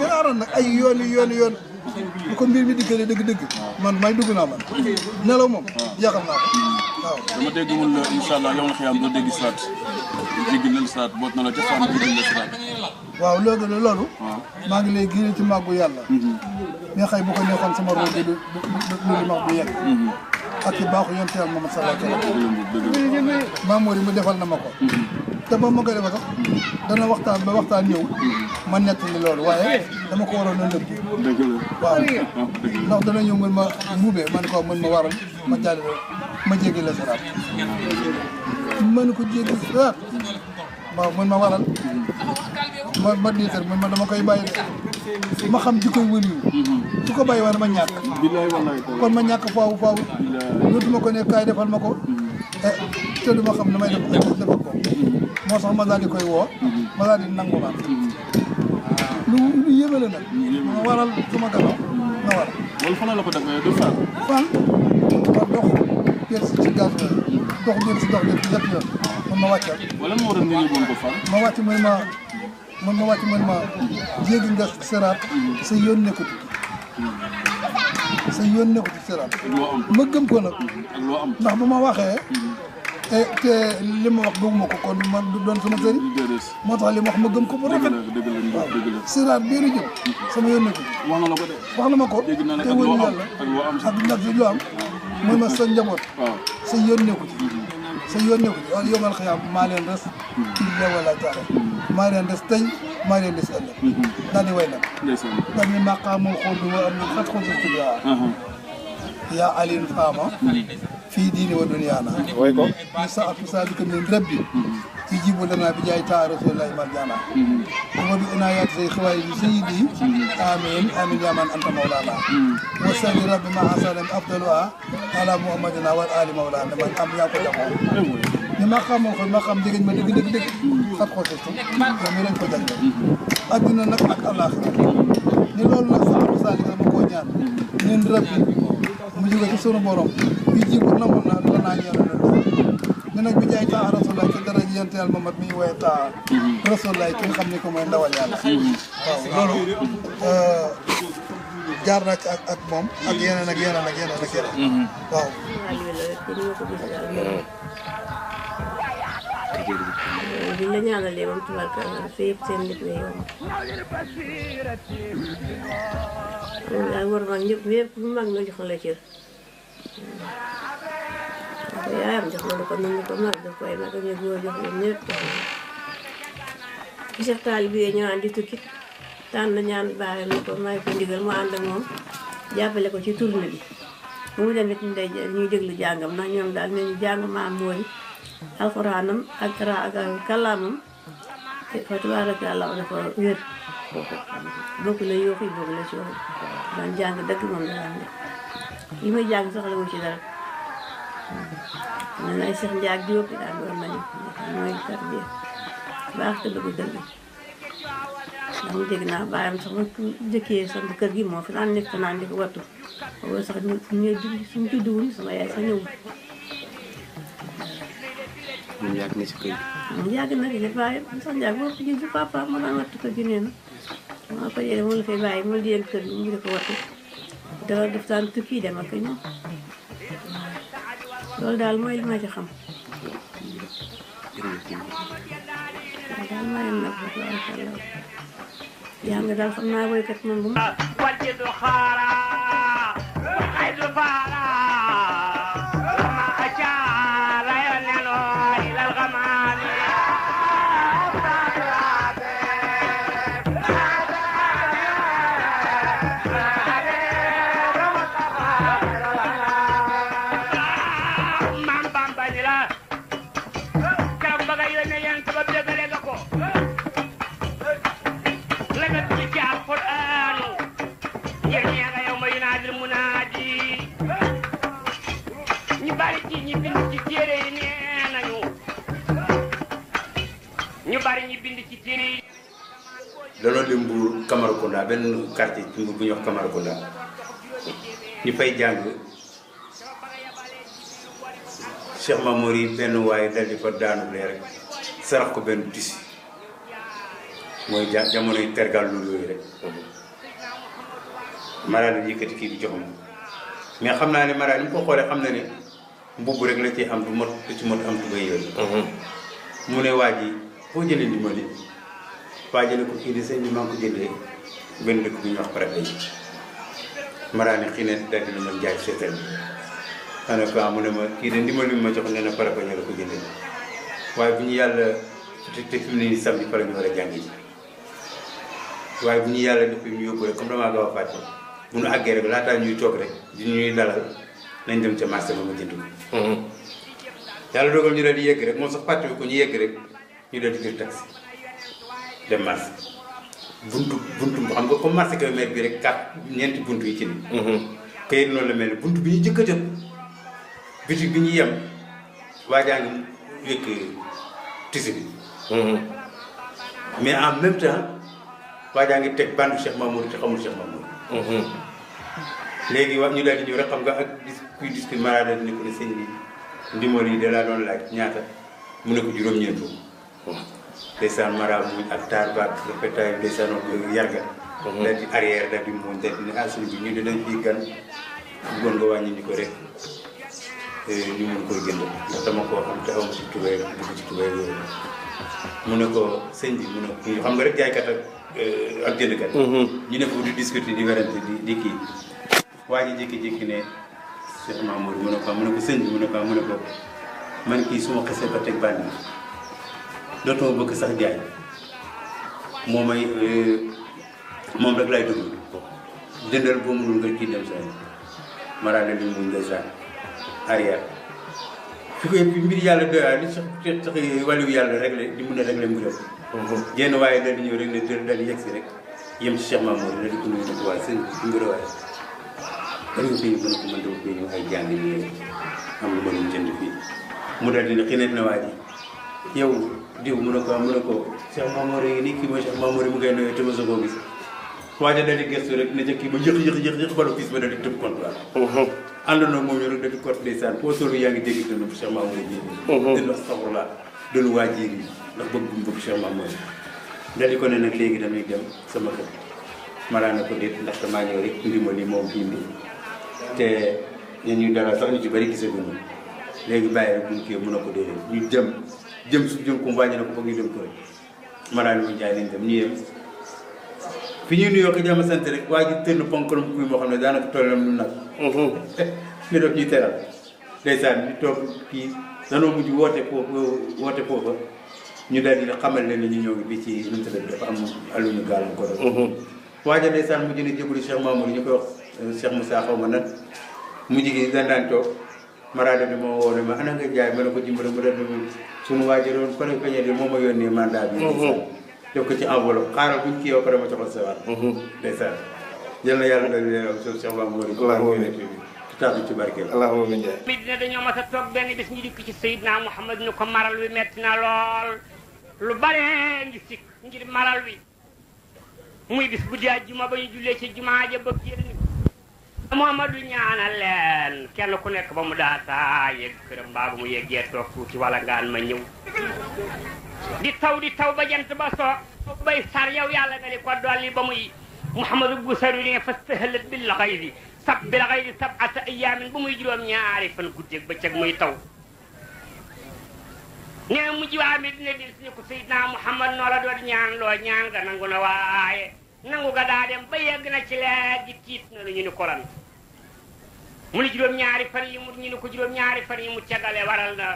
bi aaroon nag ay yoon i yoon yoon bu ko mbir mi dikkalee dëgg-dëgg man may dugg naa man nelaw moom yàqal naa ko waaw dama dégg mun la incha allah yow na xiyam doo dégg siraat jéggi leen siraat boot na la ca saan jéggi leen siraat waaw loolu loolu maa ngi lay gërëm ci màggu yàlla mhm. nga xëy bu ko neexoon sama roog bi du du mag bu yegg ak baaxu yoon teel Muhammad sallallahu alayhi wa sallam maam mu defal na ma ko mhm. te boobu ma koy defee sax dana waxtaan ba waxtaan ñëw ma nettali loolu waaye dama ko waroon a nëbb. dëgg waaw ah, ndax dana ñëw mën ma muubee man ko mën ma waral ma jàll ma jéggi la saraat mën ko jéggi saraat waaw mën ma waral ma ma diitar mën ma dama koy bàyyi ma xam jikkoy wër yu su ko bàyyi woon ma ñàkk kon ma ñàkk faawu faawu dootuma ko ne kaay defal ma ko mhm. eh, te ma xam na may def dafa ko mhm. moo tax ma daal koy woo. ma daal di nanguwaat. lu lu yéeme la nag. waral sama gannaaw na fan la ko dox jël si ci gaz dox jël si dox jël si ma wala ma wàcc mooy ma man ma wàcc mooy ma jéggi nga seraat sa yoon nekkut. sa yoon nekkut seraat. ma gëm ko ndax bu ma waxee. Mm-hmm. te li wax gëmuma ko kon man du doon sama sëriñ moo tax li ma wax ma gëm ko bu rafet waaw siraat biiru jëm sama yoon na wax na la wax na ma ko te wëñu yàlla ak nag lu am muy ma sa njaboot sa yoon ne ko ci mm-hmm. sa yoon ne ko mm-hmm. mm-hmm. tey maa leen res ëllëg daal di way nag daal di maqaamul xool bi wa am na xat xool sa yaa alin faama fii diini wa duniyaana way ko mi sa'atu salika min rabbi yujibu lana bi jaay taa rasulillahi marjana wa bi inayati say xawaay bi sayyidi amin amin ya man anta mawlana wa salli rabbi ma asalam afdaluha ala muhammadina wal ali mawlana man am yaa ko jamoo ni ma xamoo ko ma xam dégg ma dëgg dëgg dëgg xat xoositu yow mi leen ko jàng adduna nag ak àllaaxira ni loolu nag sa'atu salika ma koo ñaan ñun rabbi mu jóge ci sunu borom fii jiw bu nangoon naa doon naa ñëw ñu nag bi jaay taa rasulullah ci dara ji yenteel ma mat mi ngi woowee taa rasulullah ki nga xam ni ko mooy ndawal yàlla mm-hmm. Mm-hmm. waaw loolu euh, jaar na ak ak moom ak yeneen ak yeneen ak yeneen ak yeneen mm-hmm. waaw di la ñaanalee moom tubarkalla sa yëpp seen lépp la yomb moom daal ko ko nun ko mag ñu góor jox leen bi ñu naan di tukki tànn ñaan baare ni ko may ko ndigal moom jàppale ko ci tournée bi mu demit ñu ñuy déglu jàngam ndax ñoom daal ne jàng maam mooy alxuraanam ak ak kàllaamam fa tabaaraka yàlla dafa wér bokk la yoo xam la ci waxu daan jàng dëgg moom la daan li may jàng soxla wu ci dara man ay Seex Njaay Jóob daan baax te bëgg dëgg ndax mu dégg naa baayam sax ma jëkkee sama kër gi moo fi daan nekk naan di ko wattu boobu sax ñu ñu julli suñu judduwul sama yaay sax ñëwul moom yàgg na si kër gi. Ah, yàgg na de waaye sax yàgg boo ko wattu kër gi nee na maa ko jëlee moom la fay bàyyi moom di leen kër gi mu di ko wattu dara daf daan tukki dem ak ñoom loolu daal mooy li ma ci xam. Tambacounda benn quartier ci bu ñuy wax Tambacounda fay jàng Cheikh Mamour yi benn waaye dal fa daanu lee rek sarax ko benn tisi mooy ja jamonoy tergal lu yooyu rek maraadi yëkkati kii bi jox ma mais xam naa ne maraadi mu ko xoolee xam na ne mbubb rek la ci am du mot du ci mot am tubéy yooyu mhm. mu ne waa ji boo jëlee ndimbali waa ji ko kii di sëñ bi maa ko jëndee benn dëkk bu ñuy wax préfet yi maraani xii ne daal dina ma jaay seetal bi ana ko mu ne ma kii de ndimbal bi ma jox nee na préfet ko jëndee waaye bu ñu yàlla te te fi ñu war a jàngi ji waaye bu ñu yàlla depuis ñu yóbbu rek comme damaa gaaw a bu ñu àggee rek laataa ñuy toog rek di ñuy dalal nañ dem ca marché ba ma jënd ko mm-hmm. yàlla dogal ñu daal di yegg rek moom sax fàtte ko ñu yegg rek ñu daal di jël taxi dem marché buntu buntu xam nga comme marché kilomètre bi rek quatre ñeenti buntu yi ci ne mhm. këyit noonu la mel buntu bi ñu jëkk a bi ñu yem waa jaa ngi bi mhm. mais en même temps waa jaa ngi teg bandu Cheikh Mamour te xamul mhm. wax ñu daal di ñëw rek xam nga ak kuy discuter yi da laa doon laaj ñaata mu ne ko juróom-ñeent ndeysaan marabu ak taar baak rafetaay ndeysaan yarga mhm. daal di arrière daal di moom daal di ne asli ah, bi gan bëggoon nga wàññi ñu ko rek ñu eh, mun koy jënd ndax dama koo xam te awma ci tubéy bëgg ci tubéy yooyu mu ko sëñ bi mu ko xam nga rek eh, mhm. waa ji jékki-jékki ne ko mu ne ko ko man kii suma xasee ba teg bànni dootuma bëgg sax njaay moo may euh, moom rek lay dugg jëndal boo mënul nga kii dem saa ma daal di mun nga saa arrière su ko mbir yàlla doyaat li sax sax euh, wàllu yàlla rek la di mun di ñëw rek ne si rek yem ci Cheikh Mamour daal di ko mu daal di ne na waa ji yow. di mu ne ko mu ne ko cheikh mamour yi ni kii mooy cheikh mamour yi mu ngay noyee te ma sa koo gis waaja dali gestu rek ne ca kii ba yëx yëx yëx yëx bala gis ba dali tëb contrat ànd na moom ñu rek dadi cot ndeysaan foo solu yaa ngi dégg dënu cheikh mamour yi dinu astaghfirullah dinu waa jiir yi ndax bëgg bu mu bëgg cheikh mamour yi dali ko ne nag léegi damay dem sama kër maraa ko déet ndax damaa ñëw rek ndimbali moom fii nii te ñun ñu dara sax ñu ci bëri gisaguñu léegi bàyyi rek buñ kii mun jëm su jëm kum wàññi na ko foog ñu dem kër ma daal di ñu yem fi ñuy nuyoo ko jàmm sant rek waa ji tënn ponkalam kuy moo xam ne daanaka tollam lu nag mhm. <laughs> ñu def ñuy teral ndeysaan ñu toog kii danoo mujj woote foofu woote foofa ñu daal di ni ñu ñëw bi ci numu tadef dafa mhm. waa ja ndeysaan mujj na jébbalu Cheikh Mamadou ñu koy wax euh, Cheikh Moussa xaw ma nag mujj gi daan daan toog maraada bi moo woo ma ana nga jaay ma ne ko dimbale mu def suñu waajuroon kon ko ñëwee moom ma yónnee mandat bi. Mhm. def ko ci enveloppe xaaral buñ kii yow pare ma joxal sa waat. Mhm. ndeysaan jël na moo di. alhamdulilah di taatu ci a toog benn bis ñu dikk ci Seydina Mouhamed ñu ko maral wi metti na lool lu bare ngi sikk ngir maral wi muy bis bu di àjjuma ba ñu jullee ci jumaa ja bëgg jël Muhammadu ñaanal leen kenn ku nekk ba mu daataa yegg këram mbaa bu mu yeggee toog tuuti wala ngaan ma ñëw di taw di taw ba jant ba soo bay sar yow yàlla nga di ko dolli ba muy Muhammadu Busayri ne fastahalat bil ghaydi sab bil ghaydi sab'ata ayaamin ba muy juróom ñaari fan guddeeg bëccëg muy taw nee mujj waa mi dina dil si ni ko Seydina Muhammad noo la doon ñaan loo ñaan nangu na waaye nangu nga daa dem ba yegg na ci leer gi na lu ñu ni koran mu ni juróom-ñaari fan yi mu ñu ne ko juróom-ñaari fan yi mu cagale waral na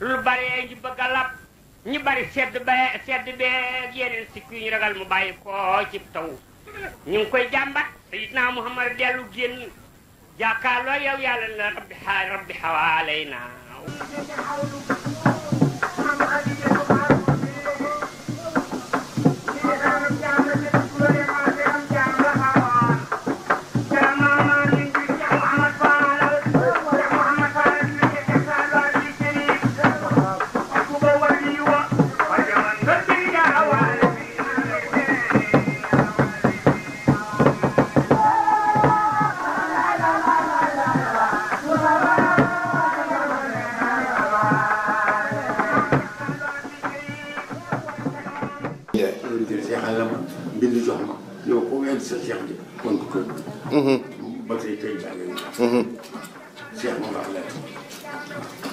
lu bare ñu bëgg a lab ñu sedd ba sedd bee yeneen ñu ragal mu bàyyi ko ci taw ñu ngi koy jàmbat sayidna muhammad dellu génn jàkkaarloo yow yàlla na rabbi rabbi xawaalay naa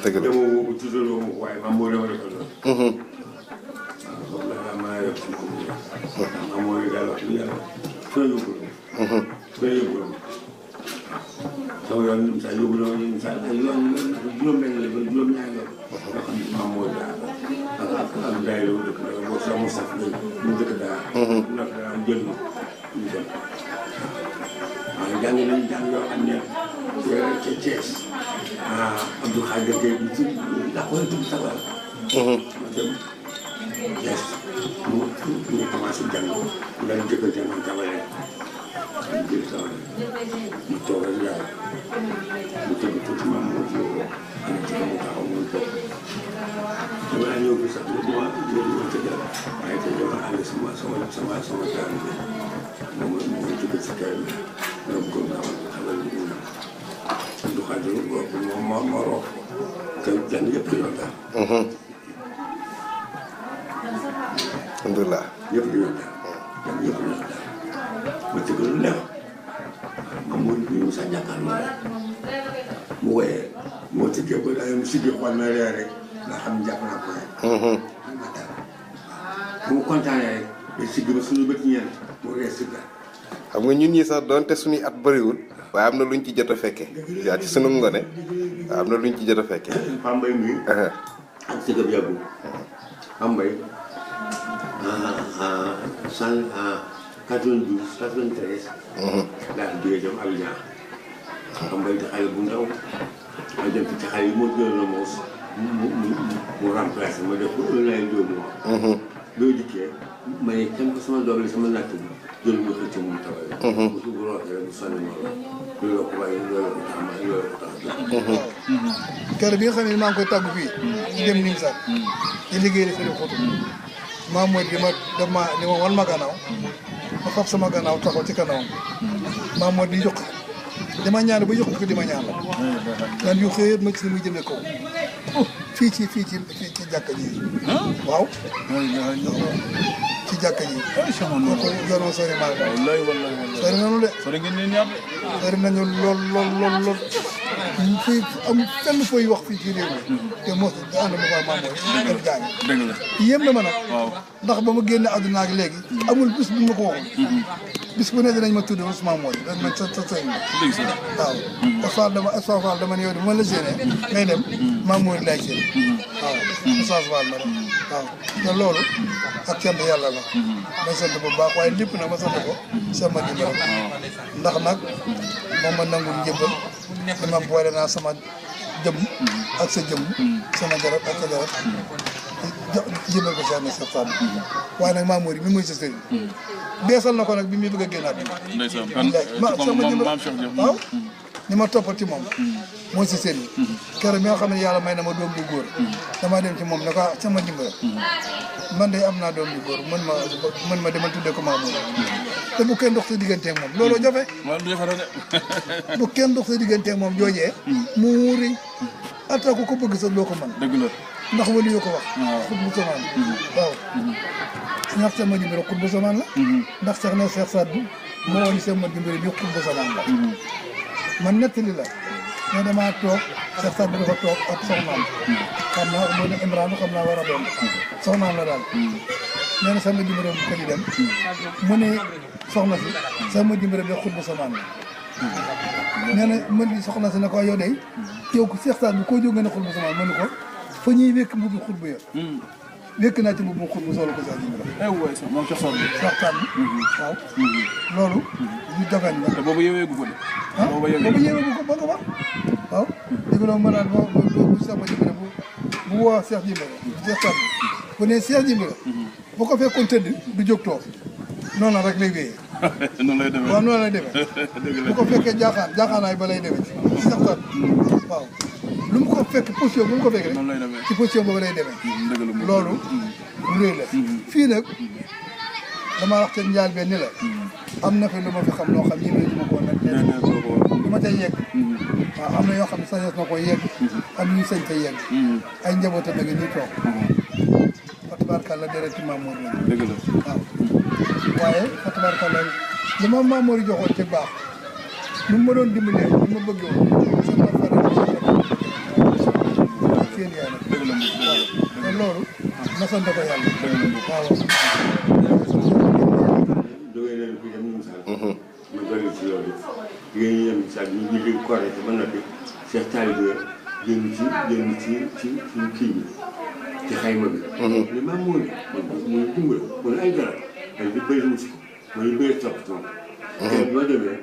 dëgg la demoo tuddaloo ma mhm. ko waaye maam moo dama defal loolu. waaw loolu la maa yor sama bopp. maam moo yor daal wax dëgg yàlla foo yóbbu la. Mhm. foo yóbbu la sama yoon ñun sax yóbbu la ñun sax yoon juróom-benn la ba juróom-ñaar la. Mhm. yoo xam ne maam moo daal ak ak daay la dëkk la boo sama saf la. agak-agak dikit aku itu bisa lah macam yes itu punya pengasih jangan dan juga ya. jangan kawal jadi soal itu orang ya betul-betul cuma mau ada cuma tahu untuk cuma hanya bisa dua dua dua dua saja nah itu jangan ada semua semua semua semua jangan namun itu sekali belum kau tahu kalau itu untuk hadir gua ya. pun mau mau alhamdulilah ñëpp ñu yor ñëpp ñëpp yor ma ci gën lew am mu ñu mu sa ñàkkal ma mu wooyee moo ci géej na leer rek nga xam jàpp naa ko rek. bu mm-hmm. mu kontaanee rek day si ba suñu bët ñeent mu xam nga ñun ñi sax doonte suñuy at bëriwul waaye am na luñ ci jot a fekkee yaa am na lu ci jot a fekkee. Pambay Tiga jago. Ambai. San 92, 93. Laa jóge dem Abidjan. Ambai di xale bu ndaw. Ma dem ci xale yi ma jël na moos. Mu mu mu remplacer ma def ko un lay deux mois. Boo dikkee ma ne kenn ko sama doom mhm. kan sama natt jël ma xëcc mu tawal. Mu su bu rootee rek mu sonn ma la. loolu la bi nga xam maa ngi koy tàggu fii ñu dem niñ sax di liggéey la seen xutu maam mooy li ma dama li ma wan ma gannaaw ma fab sama gannaaw taxaw ci kanawam maam di jox dama ñaan ba yokku ko dima ñaan la. daan yu xëy ma gis ne muy fii ci fii ci fii ci jàkka ji. waaw. ci jàkka ji. incha allah kon yoonu sori maa ngi. wallaahi wallaahi wallaahi. sori nañu de. sori nañu lool lool lool fii am fenn fooy wax fii ci réew mi. Hmm. te mos a ànd ma maam mooy. dëgg la dëgg la. na ma nag. ndax ba ma génne àdduna ak léegi. Hmm. amul bés bu ma ko bis bu ne dinañ ma tudd Ousmane Modou dinañ ma sa sa sëñ ma waaw Ousmane dama Ousmane Fall dama ne yow de ma la génne ngay dem Mame Modou lay génne waaw Ousmane ma dem waaw yàlla la ma sant bu baax waaye lépp na ma sant ko ndax nag moom ma nangul njëbbal dama boole naa sama jëm ak sa jëm sama garab ak sa garab yéemal ko Cheikh na Cheikh waaye nag Maam Mori mi mooy sa sëriñ hmm. beesal na ko nag bi muy bëgg a génnaat ndeysaan kan maam Cheikh Diop waaw ah? ñi hmm. ma toppal ci moom hmm. mooy si sëriñ keroog mi xam ne yàlla may na ma doom bu góor damaa dem moom ne ko ah, sama dimbal man de am naa doom bu góor man ma mën ma demal tuddee ko Maam Mori te bu kenn dox sa diggante ak moom looloo jafe <laughs> bu kenn dox sa diggante ak moom jooje mu wuuri attaque ko bëgg sa loo ko man dëgg la ndax wali yoo ko wax xut bu samaan waaw mm-hmm. mm-hmm. ñax sama numéro xut bu samaan la mm-hmm. ndax seex na seex saat bu moo woon sama numéro bi xut bu samaan la man nettali la ne damaa toog seex saat bu dafa toog ak soxnaam xam naa moo ne Imraan xam naa war a doon soxnaam la daal nee na sama numéro bi këri dem mu ne soxna si sama numéro bi xut bu samaan la nee na mën soxna si ne ko yow day yow seex saat bu koo jóg nga ne xut bu samaan mu ne ko fa ñuy wékk mbubu xurba ya hmm. wékk naa ci mbubu xurba solo ko saa ji bi la. Eh aywa sax moom sax soxna. saxtaan bi waaw. Hmm. loolu. ko de. Ah, ba nga wax waaw. di ko doon mën a bu bu sama ji bu bu woo Cheikh Jimba la. bu hmm. ne Cheikh Jimba la. bu ko du jóg toog noonu rek lay wéyee. <laughs> noonu lay demee waaw noonu lay demee. <laughs> bu ko fekkee jaaxaan jaaxaanaay ba lay demee ci sax tool waaw lu mu ko fekk position bu mu ko fekk rek. noonu lay demee ci position boobu lay demee. Mm, loolu lu mm. rëy la. Mm. fii nag dama wax te njaal benn ni la. am na fi lu ma fi xam loo xam yéen a ma ko nag. du ma tey yegg. am na yoo xam ne sañoon na ko yegg. Mm-hmm. am ñu sañ tey yegg. ay njabootam a nga ñuy toog. Mm-hmm. Fatou Barka la deret ci Mamour la. dëgg waaye fa tabarkalla li ma Mamour joxoon ci baax nu ma doon dimbalee ni ma bëggoon sama faral seen yaay nag ma sant ko yàlla waaw ma doon ci loolu jigéen mhm. ay garab ay ñu bëri wu si ba ñu bëri topp tool. te boo demee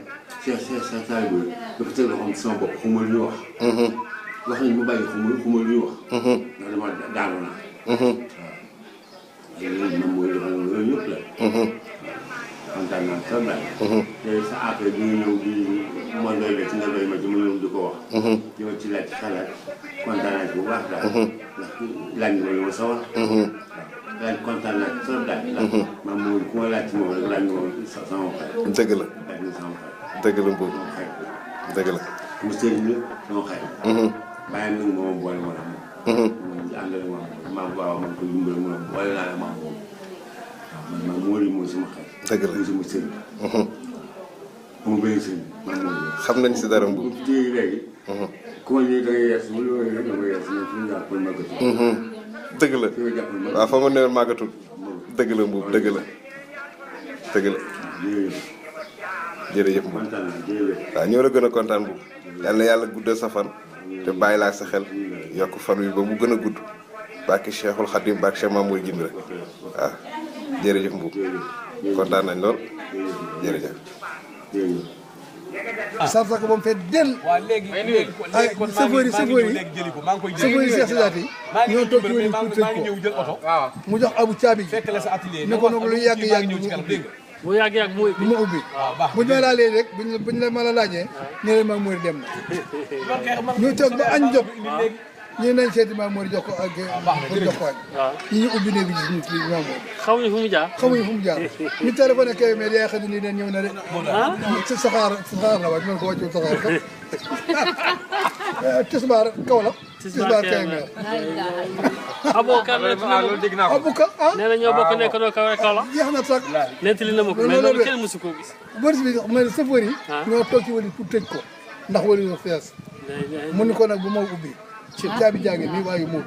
sa sa sa taay boobu dafa teg loo xam ne sama bopp xuma lu ñu wax. wax nañ ma bàyyi xuma xuma lu ñu wax. ndax dama daanu naa. waaw léegi moom mooy loolu yëpp la. kontaan naa trop daal. te sa affaire bi ñu ñëw di ma doy la ci nga doy ma ci ma ñëw di ko wax. di ma ci laaj xalaat kontaan naa ci bu baax daal. ndax laaj nga ma li ma sawar. daal kontaan naa trop daal. Mhm. maam moom ku ma laaj ci moom rek laaj moom sama xarit. dëgg la laaj na sama xarit. dëgg la boobu sama xarit la. dëgg la. mu sëriñ la sama xarit la. Mhm. bàyyi nag moom boole ma la moom. Mhm. moom ñu àndal ma maam waaw man ko yumbal ma boole naa la maam moom. waaw man maam moo di mooy sama xarit. dëgg la mooy sama sëriñ. moom benn sëriñ man moom la. xam nañ si dara boobu. bu ci léegi. ku ma ñëwee da ngay yas mu lu ma ñëwee da ngay yas ñun suñu laa ko màggatu. dëgg la waaw fa ma newoon màggatul dëgg la mbuub dëgg la dëgg la jërëjëf mbuub waaw ñoo gën a kontaan mbuub yal na yàlla guddal sa fan te bàyyi laa sa xel yokk fan wi ba mu gën a gudd bàkki Cheikhul Khadim bàkki Cheikh Mamour Djimbira waaw jërëjëf mbuub kontaan nañ lool jërëjëf sarta ko ba mu fee del waaw léegi léegi kon safari safari safari Cheikh Sidiate yi ñoo toog ci wéni pour tëj ko abu caabi ji ne ko nag lu yàgg yàgg mu yàgg yàgg mu mu ubbi ma laalee la <laughs> ñu toog ba añ ñu nañ seeti Maam Mor jox ko ak ah, jox ko ak ñi ñu ubbi néeg bi gis ñu ci Maam Mor xamuñu fu mu jaar xamuñu fu mu jaar <laughs> ñu téléphoné kay mais yaay xam ne neen ñëw na de ah? ci saxaar saxaar la waaj man ko wàccu saxaar ka <laughs> eh, tisbaar kaw la tisbaar kay meer abouka loolu dégg naa ko abouka ah nee na ñoo bokk ah, nekkandoo kaw rek kaw la jeex na sax nettali na ma ko mais loolu kenn mosu koo gis bëri bi ma ne safar yi ñoo toog ci wali pour tëj ko ndax wali ñu fees mu ni ko nag bu ma ubbi ci caabi jàngi nii waayu muut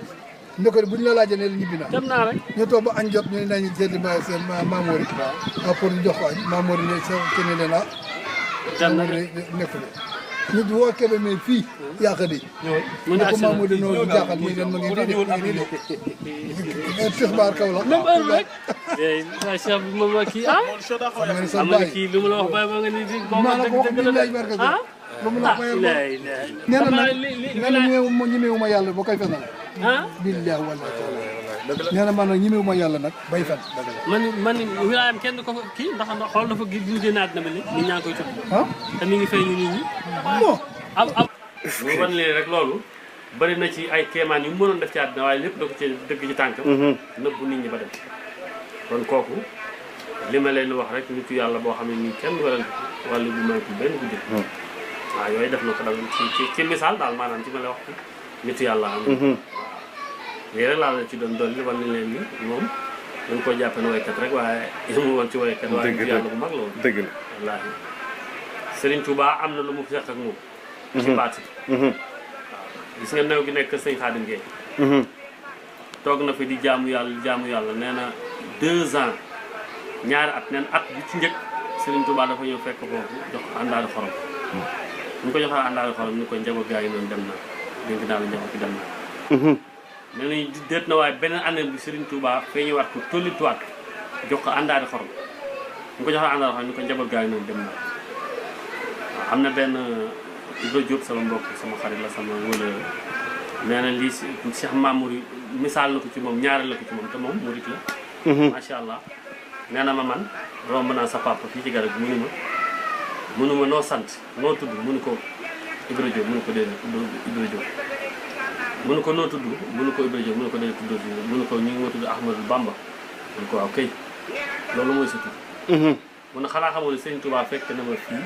ndokor bu ñu la laajee ne la ñibbi naa. dem naa rek ñu toog ba añ jot ñu ne nañu jëli ma seen Maamori. waaw ah, pour ñu jox ko añ Maamori ne sa keneen ne la. jàmm nekkul ñu woo kebe mais fii yàq di mu ko maamu di noonu jaaxal muy leen ma ngi nii de nii de <laughs> <laughs> xibaar kaw la même heure rek <laughs> eh, a chef bi moom kii ah xam nga ne sa bàyyi am na kii lu ma la wax bàyyi ma nga ni di maa la ko wax mi laaj barka ba mu ah, laax nee na nag nee na ñemewu ma yàlla ba koy fenal billahi wallahi taala nee na man nag ñemewu ma yàlla nag bay fen man man wilaayam kenn ko kii ndax xool dafa gis ñu génnaat na ma ni nit ñaa ngi koy tudd ah te mi ngi feeñu nit ñi mu wan leen rek loolu bari na ci ay kéemaan yu mënoon def ci àddina waaye lépp da ko ci dëgg ci tànk mm-hmm. nëbbu nit ñi ba dem kon kooku li ma leen wax rek nitu yàlla boo xam ne nii kenn waral wàllu bi manque benn guddi mm. waa yooyu def na ko dam ci ci ci misaal daal maanaam ci ma lay wax ci nitu yàlla am mm-hmm. waaw lii rek laa la ci doon dolli wan ni leen ni moom dañ ko jàppe ne waykat rek waaye <laughs> mu woon ci waykat waaye nitu yàlla bu mag la woon dëgg la am na lu mu seq ak moom mm-hmm. ci baati mm-hmm. waaw gis nga new gi nekk sëñ Xaadim Gueye toog na fi di jaamu yàlla di jaamu yàlla nee na deux ans ñaari at neen at bi ci njëkk Serigne Touba dafa ñëw fekk boobu am àndaari xorom ñu ko joxee àllaayu xool ñu ko njaboot gaa yi noonu dem na dénk naa la njaboot ki dem na ne mhm. nañu déet na waaye beneen année bi Serigne ko feeñu waat ko tollituwaat jox ko àndaari xorom ñu ko joxee àndaari xorom ñu ko njaboot gaa yi noonu dem na waaw am na benn euh, Ibra Diop sama mbokk sama xarit la sama wala nee na si Cheikh Mamour misaal na ko ci moom ñaareel la ko ci moom te moom murit la mhm. macha allah nee na ma man romb naa sa papa fii ci garab mu ni ma mënu ma noo sant noo tudd mënu ko Ibra Diop ko dee Ibra Diop mënu ko noo tudd mënu ko Ibra Diop ko dee tudd mënu ko ñu ngi ma tudd Ahmadou Bamba mënu ko waaw kay loolu mooy sa tudd mhm. mun a xalaa xamoon ne Sëñ fekk na ma fii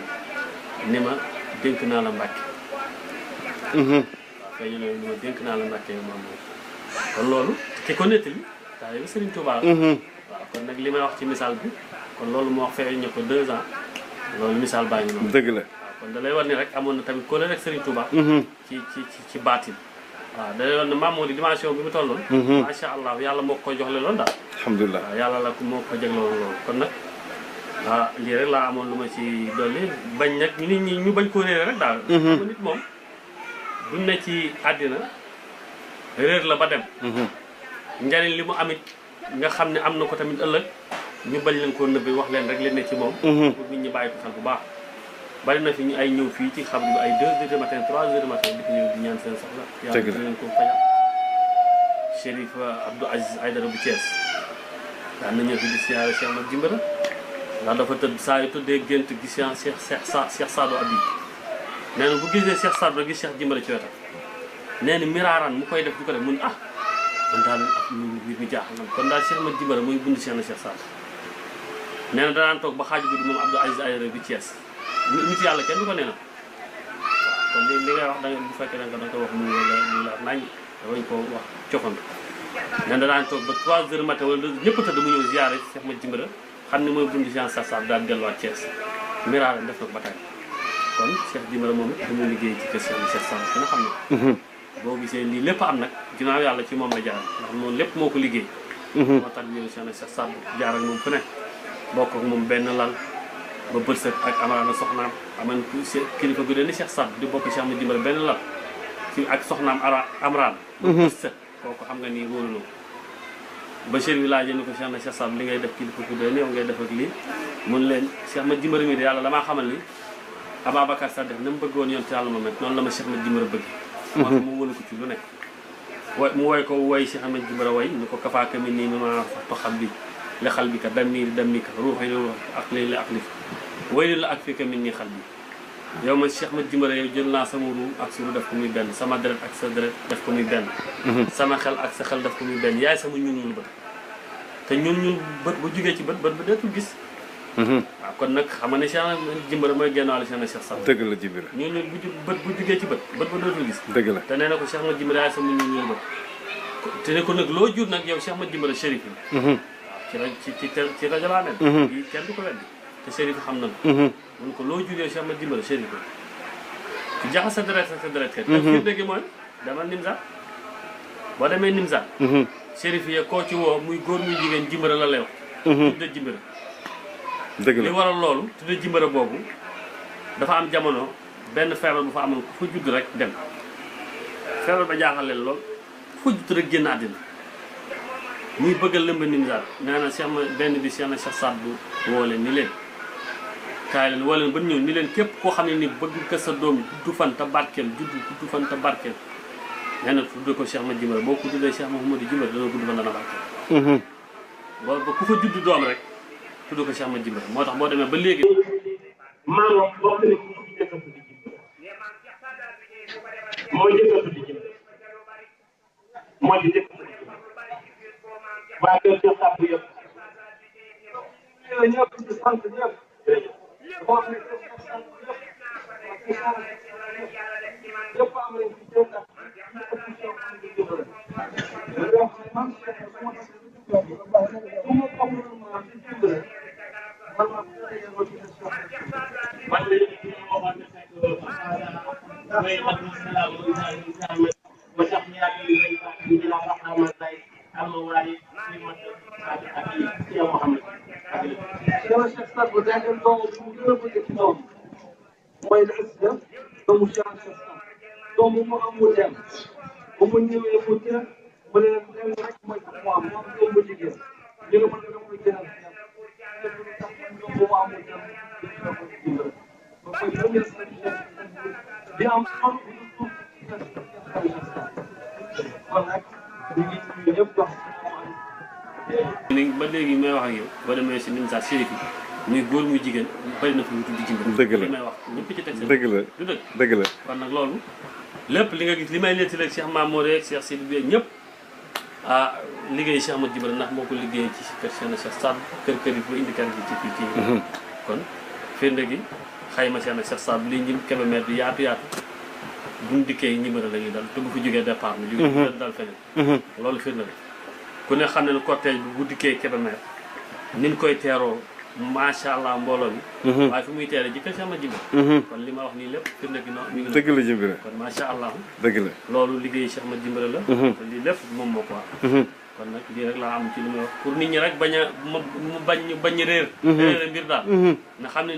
ni ma dénk naa la Mbàkke mhm. ñu ne ni naa la Mbàkke yow maam kon loolu ki ko nettali daal yow Sëriñ Tuubaa mhm. waaw kon nag li may wax ci misaal bi kon loolu moo wax fee ñu ko deux ans loolu misaal baa ngi noonu. dëgg la kon da lay war ni rek amoon na tamit kóolóore ak Serigne Touba. Mhm. ci ci ci baatin. waaw da war ne maamoo di dimension bi mu tolloon. Mhm. macha allah yàlla moo ko jox leen loolu daal. alhamdulilah waaw yàlla la ko moo ko jagleel loolu kon nag. Ah, lii rek laa amoon lu ma ci dolli bañ nag ñi ñu bañ koo réere rek daal. Mhm. xam nit moom duñ ne ci àddina réer la ba dem. njariñ li mu amit nga xam ne am na ko tamit ëllëg. ñu bañ leen koo nëbbee wax leen rek leen ne ci moom. Mhm. pour nit ñi bàyyi ko xel bu baax. bari na fi ñu ay ñëw fii ci xam ay 2 heures du matin 3 heures du matin di ko ñëw di ñaan seen soxla. dëgg la yàlla leen ko fayal. Chérif euh, Abdou Aziz Aïdara bu Thiès daan na ñëw fi di siyaare Cheikh Mat Jimbara ndax dafa tëdd saa yu tëddee gént gis naa Cheikh Cheikh Sa Cheikh Sadou Habib na bu gisee Cheikh Sadou rek gis Cheikh Jimbara ci wetam nee na miraaraan mu koy def du ko def mun ah man daal ak ah, mbir mi kon daal Cheikh Mat Jimbara mooy bund Cheikh na nee na danaan toog ba xaaju guddi moom Abdou Aziz Aïdara bi Thiès nit yàlla kenn du ko nee na waaw kon li li ngay wax da nga bu fekkee da nga da nga ko wax mu mu la nañ dawañ ko wax cofantu nee na danaan toog ba 3 heures matin wala ñëpp tëdd mu ñëw ziare Cheikh ma Jimbira xam ne mooy bundi Jean Sassar daal delluwaat Thiès miraaram def na ko ba tey kon Cheikh Jimbira moom it dama liggéey ci question bi Cheikh Sall ki nga xam ne mhm. boo gisee lii lépp am nag ginnaaw yàlla ci moom la jaaral ndax moom lépp moo ko liggéey mhm. moo tax ñëw Cheikh Sassar jaaral moom fu ne bokk moom benn lal ba bërsët ak amaana a kilifa gu dee ni Cheikh Saad di bokk Cheikh benn lal ci ak soxnaam ara amraan ba bërsët kooku xam nga nii wóoruloo ba chère bi laajee ni ko Cheikh na Cheikh Saad li ngay def kilifa gu dee ni yow ngay def ak lii mun leen Cheikh Ahmad Dimbale mi de yàlla damaa xamal ni Ababacar Saad def na mu bëggoon yoon ci yàlla ma met noonu la ma Cheikh Ahmad Dimbale bëgg mu wëlu wa mu woy ko woy Cheikh Ahmad Dimbale way ni ko kafaaka mi nii ma ma faxtu xam bi لقلبك دمي لدمك روحي لعقلي لعقلك ويلي لأكفك مني قلبي yow ma Cheikh ma dimbale yow jël naa sama ruu ak sa ruu def ko muy benn sama deret ak sa deret def ko muy benn sama xel ak sa xel def ko muy benn yaay sama ñun ñun bët te ñun ñun bët bu jugee ci bët bët ba dootul gis waaw kon nag xam nga ne Cheikh Jimbira mooy génn wàllu Cheikh na Cheikh Sall dëgg la Jimbira ñun ñun bu bët bu jugee ci bët bët ba dootul gis dëgg la te nee na ko Cheikh ma Jimbira yaay sama ñun ñun bët te ne ko nag loo jur nag yow Cheikh ma Jimbira chérif la ci rajo ci ci ci rajo laa mel. Mm-hmm. kenn du ko weddi te Serif xam na ko. Mm-hmm. mun ko loo juree si am na dimbali Serif la. ku jaxas sa deret sa deret kat. Mm-hmm. ak fi dégg mooy demal Nimza boo demee Nimza. Serif yee koo ci woo muy góor muy jigéen jimbara la lay wax. tudde jimbara. dëgg la li waral loolu tudde jimbara boobu dafa am jamono benn feebar bu fa amoon ku fa judd rek dem feebar ba jaaxal leen lool fa judd rek génn àddina. muy bëgg a lëmb nit ñi daal nee na Cheikh ma benn bi Cheikh na Cheikh Saad bu woo leen ni leen kaay leen woo leen ba ñëw ni leen képp koo xam ne ni bëgg nga sa doom juddu fan te barkeel juddu juddu fan te barkeel nee ko Cheikh ma Jimbal boo ko tuddee Cheikh Mouhamadou Jimbal dana gudd fan dana barkeel. Mhm. ba ba ku fa juddu doom rek tuddee ko ma Jimbal moo tax boo demee ba léegi. maanaam boo xam ne ku waa kër Cheikh Sadou yëpp. ñëpp di sant ñëpp. ñëpp am nañ ci jënd ak ñëpp. man الموالي لمن أبي يا محمد كما الشخص بدأنا الموضوع بمجرد الإسلام والعزة ومشاركة دوم مؤمدان ومن يوم يفوتنا ولا يفوتنا لك ما يفوتنا ما يفوتنا مجيئا لأنه من يوم يجينا Thank you. ba léegi may wax ak yow boo demee si nimu sa sérif yi muy góor muy jigéen bëri na fi ñu tuddi jimba dëgg la wax ñëpp lépp li nga gis li may letti rek Cheikh Mamour rek Cheikh Sidi bi ñëpp ah liggéey Cheikh Ahmadou Djibril ndax moo ko liggéey ci kër Cheikh Cheikh Saad kër kër yi ba indi gi ci fii ci mhm. kon firnde gi xayma Cheikh Cheikh Saad li bi yaatu yaatu buñ dikkee numéro la ñuy dal te bu fi jógee départ mu jógee mhm. dal feneen mhm. loolu fii la ku ne xam ne ne cortège bi bu dikkee Kébémer nin koy teeroo macha allah mbooloo mi mhm. waaye fi muy teere ji kenn sama jibi kon li ma wax nii lépp firnde gi noonu mi ngi dëgg la jimbira kon macha allah dëgg la loolu liggéey Cheikh ma jimbira la lii lépp moom moo ko wax kon nag lii rek laa am ci li may pour nit ñi rek bañ a mu bañ bañ réer réer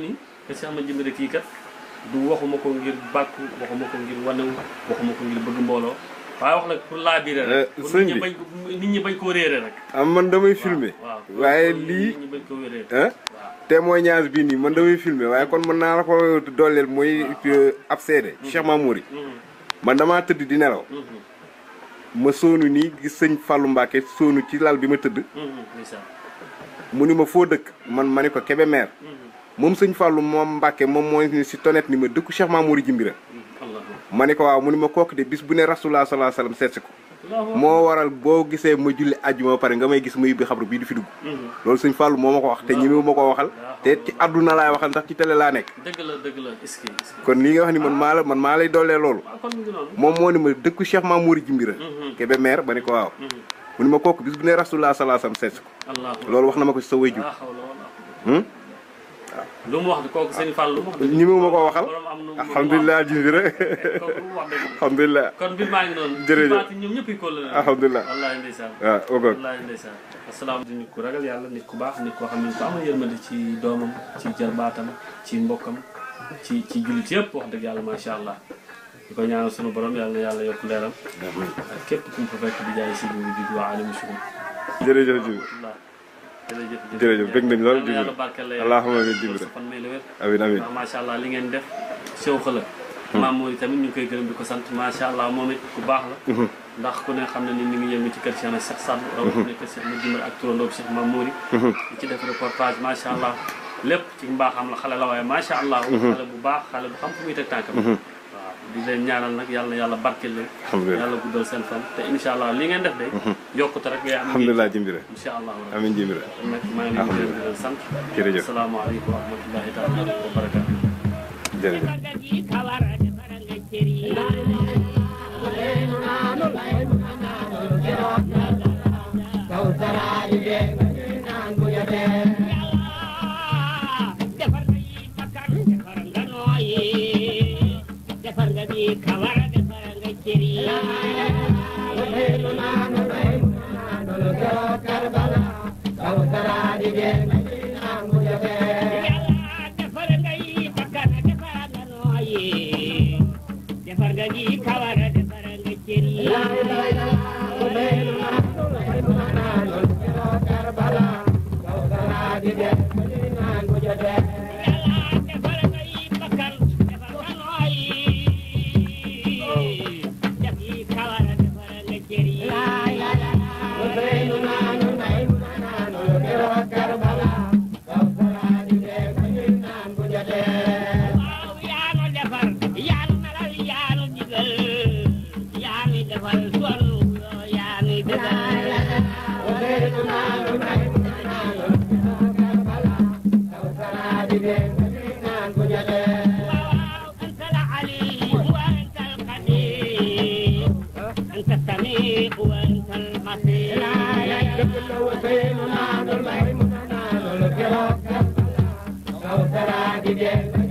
mbir du waxuma ko ngir bàkku waxuma ko ngir wanew waxuma ko ngir bëgg mbooloo waaye wax nag pour laabire rek. Eh, sëñ bi nit ñi bañ koo réere rek. ah man damay filme waaye lii nit ñi mooy koo bii nii man damay filme waaye kon mën naa la ko dooleel mooy ab seede mm-hmm. Cheikh Mamouri mm-hmm. man damaa tëdd di nelaw mm-hmm. ma soonu nii gis sëñ falu Mbacké soonu ci lal bi ma tëdd mu ma foo dëkk man ma ni ko Kébémer moom sëñ Fallou moom Mbacke moom mooy ni si tonet ni ma dëkku Cheikh Mamour Jimbira ma ne ko waaw mu ni ma kooku de bis bu ne rasulullah sallallahu alayhi wasallam seet si ko moo waral boo gisee ma julli àjjuma pare nga may gis ma yibbi xabru bii du fi dugg mhm. loolu sëñ Fallou moo ma ko wax te ñi ma ko waxal te ci àdduna laay waxal ndax ci télé laa nekk dëgg la dëgg la kon li nga wax ni man ah. maa la man maa lay doolee loolu ah, moom moo ni ma dëkku Cheikh Mamour Jimbira mhm. Kébé maire ma ne ko waaw mhm. mu ni ma kooku bis bu ne rasulullah sallallahu alayhi wasallam seet si ko loolu wax na ma ko si sa wayjur lu mu wax kooku sëñ Fall lu mu wax. ñi mu ma ko waxal alhamdulilah ji bi rek. alhamdulilah kon mbir maa ngi noonu. jërëjëf ñoom ñëpp ko la. alhamdulilah wallaahi ndeysaan. waaw ah, ok wallaahi ndeysaan. asalaamaaleykum nit ku ragal yàlla nit ku baax nit koo xam ne ko am na yërmande ci doomam ci jarbaatam ci mbokkam ci ci jullit yëpp wax dëgg yàlla macha allah. di ko ñaanal sunu borom yàlla na yàlla yokk leeram. ak képp ku mu fa fekk di jaay si bi di waa Aliou Moussa. jërëjëf jërëjëf bëgg nañ lool Djibril li ngeen def sewxa la maam hmm. Mori tamit ñu ngi koy gërëm di ko sant macha allah moom ku baax la hmm. ndax ku ne xam ne ni ñu ngi yëngu ci kër Cheikh na Cheikh Sadou hmm. rawatina kër Cheikh mu Djibril ak turandoo Cheikh maam Mori di ci def reportage macha allah lépp ci am la xale la waaye macha allah xale bu baax xale bu xam fu di leen ñaanal nag yàlla yàlla barkeel leen yàlla guddal seen fan te incha allah li ngeen def de mhm. yokkute rek ngay am alhamdulilah jimbira incha allah amiin jimbira nag maa ngi leen di leen sant jërëjëf asalaamaaleykum wa rahmatullahi taala wa barakatu jërëjëf Yeah. together.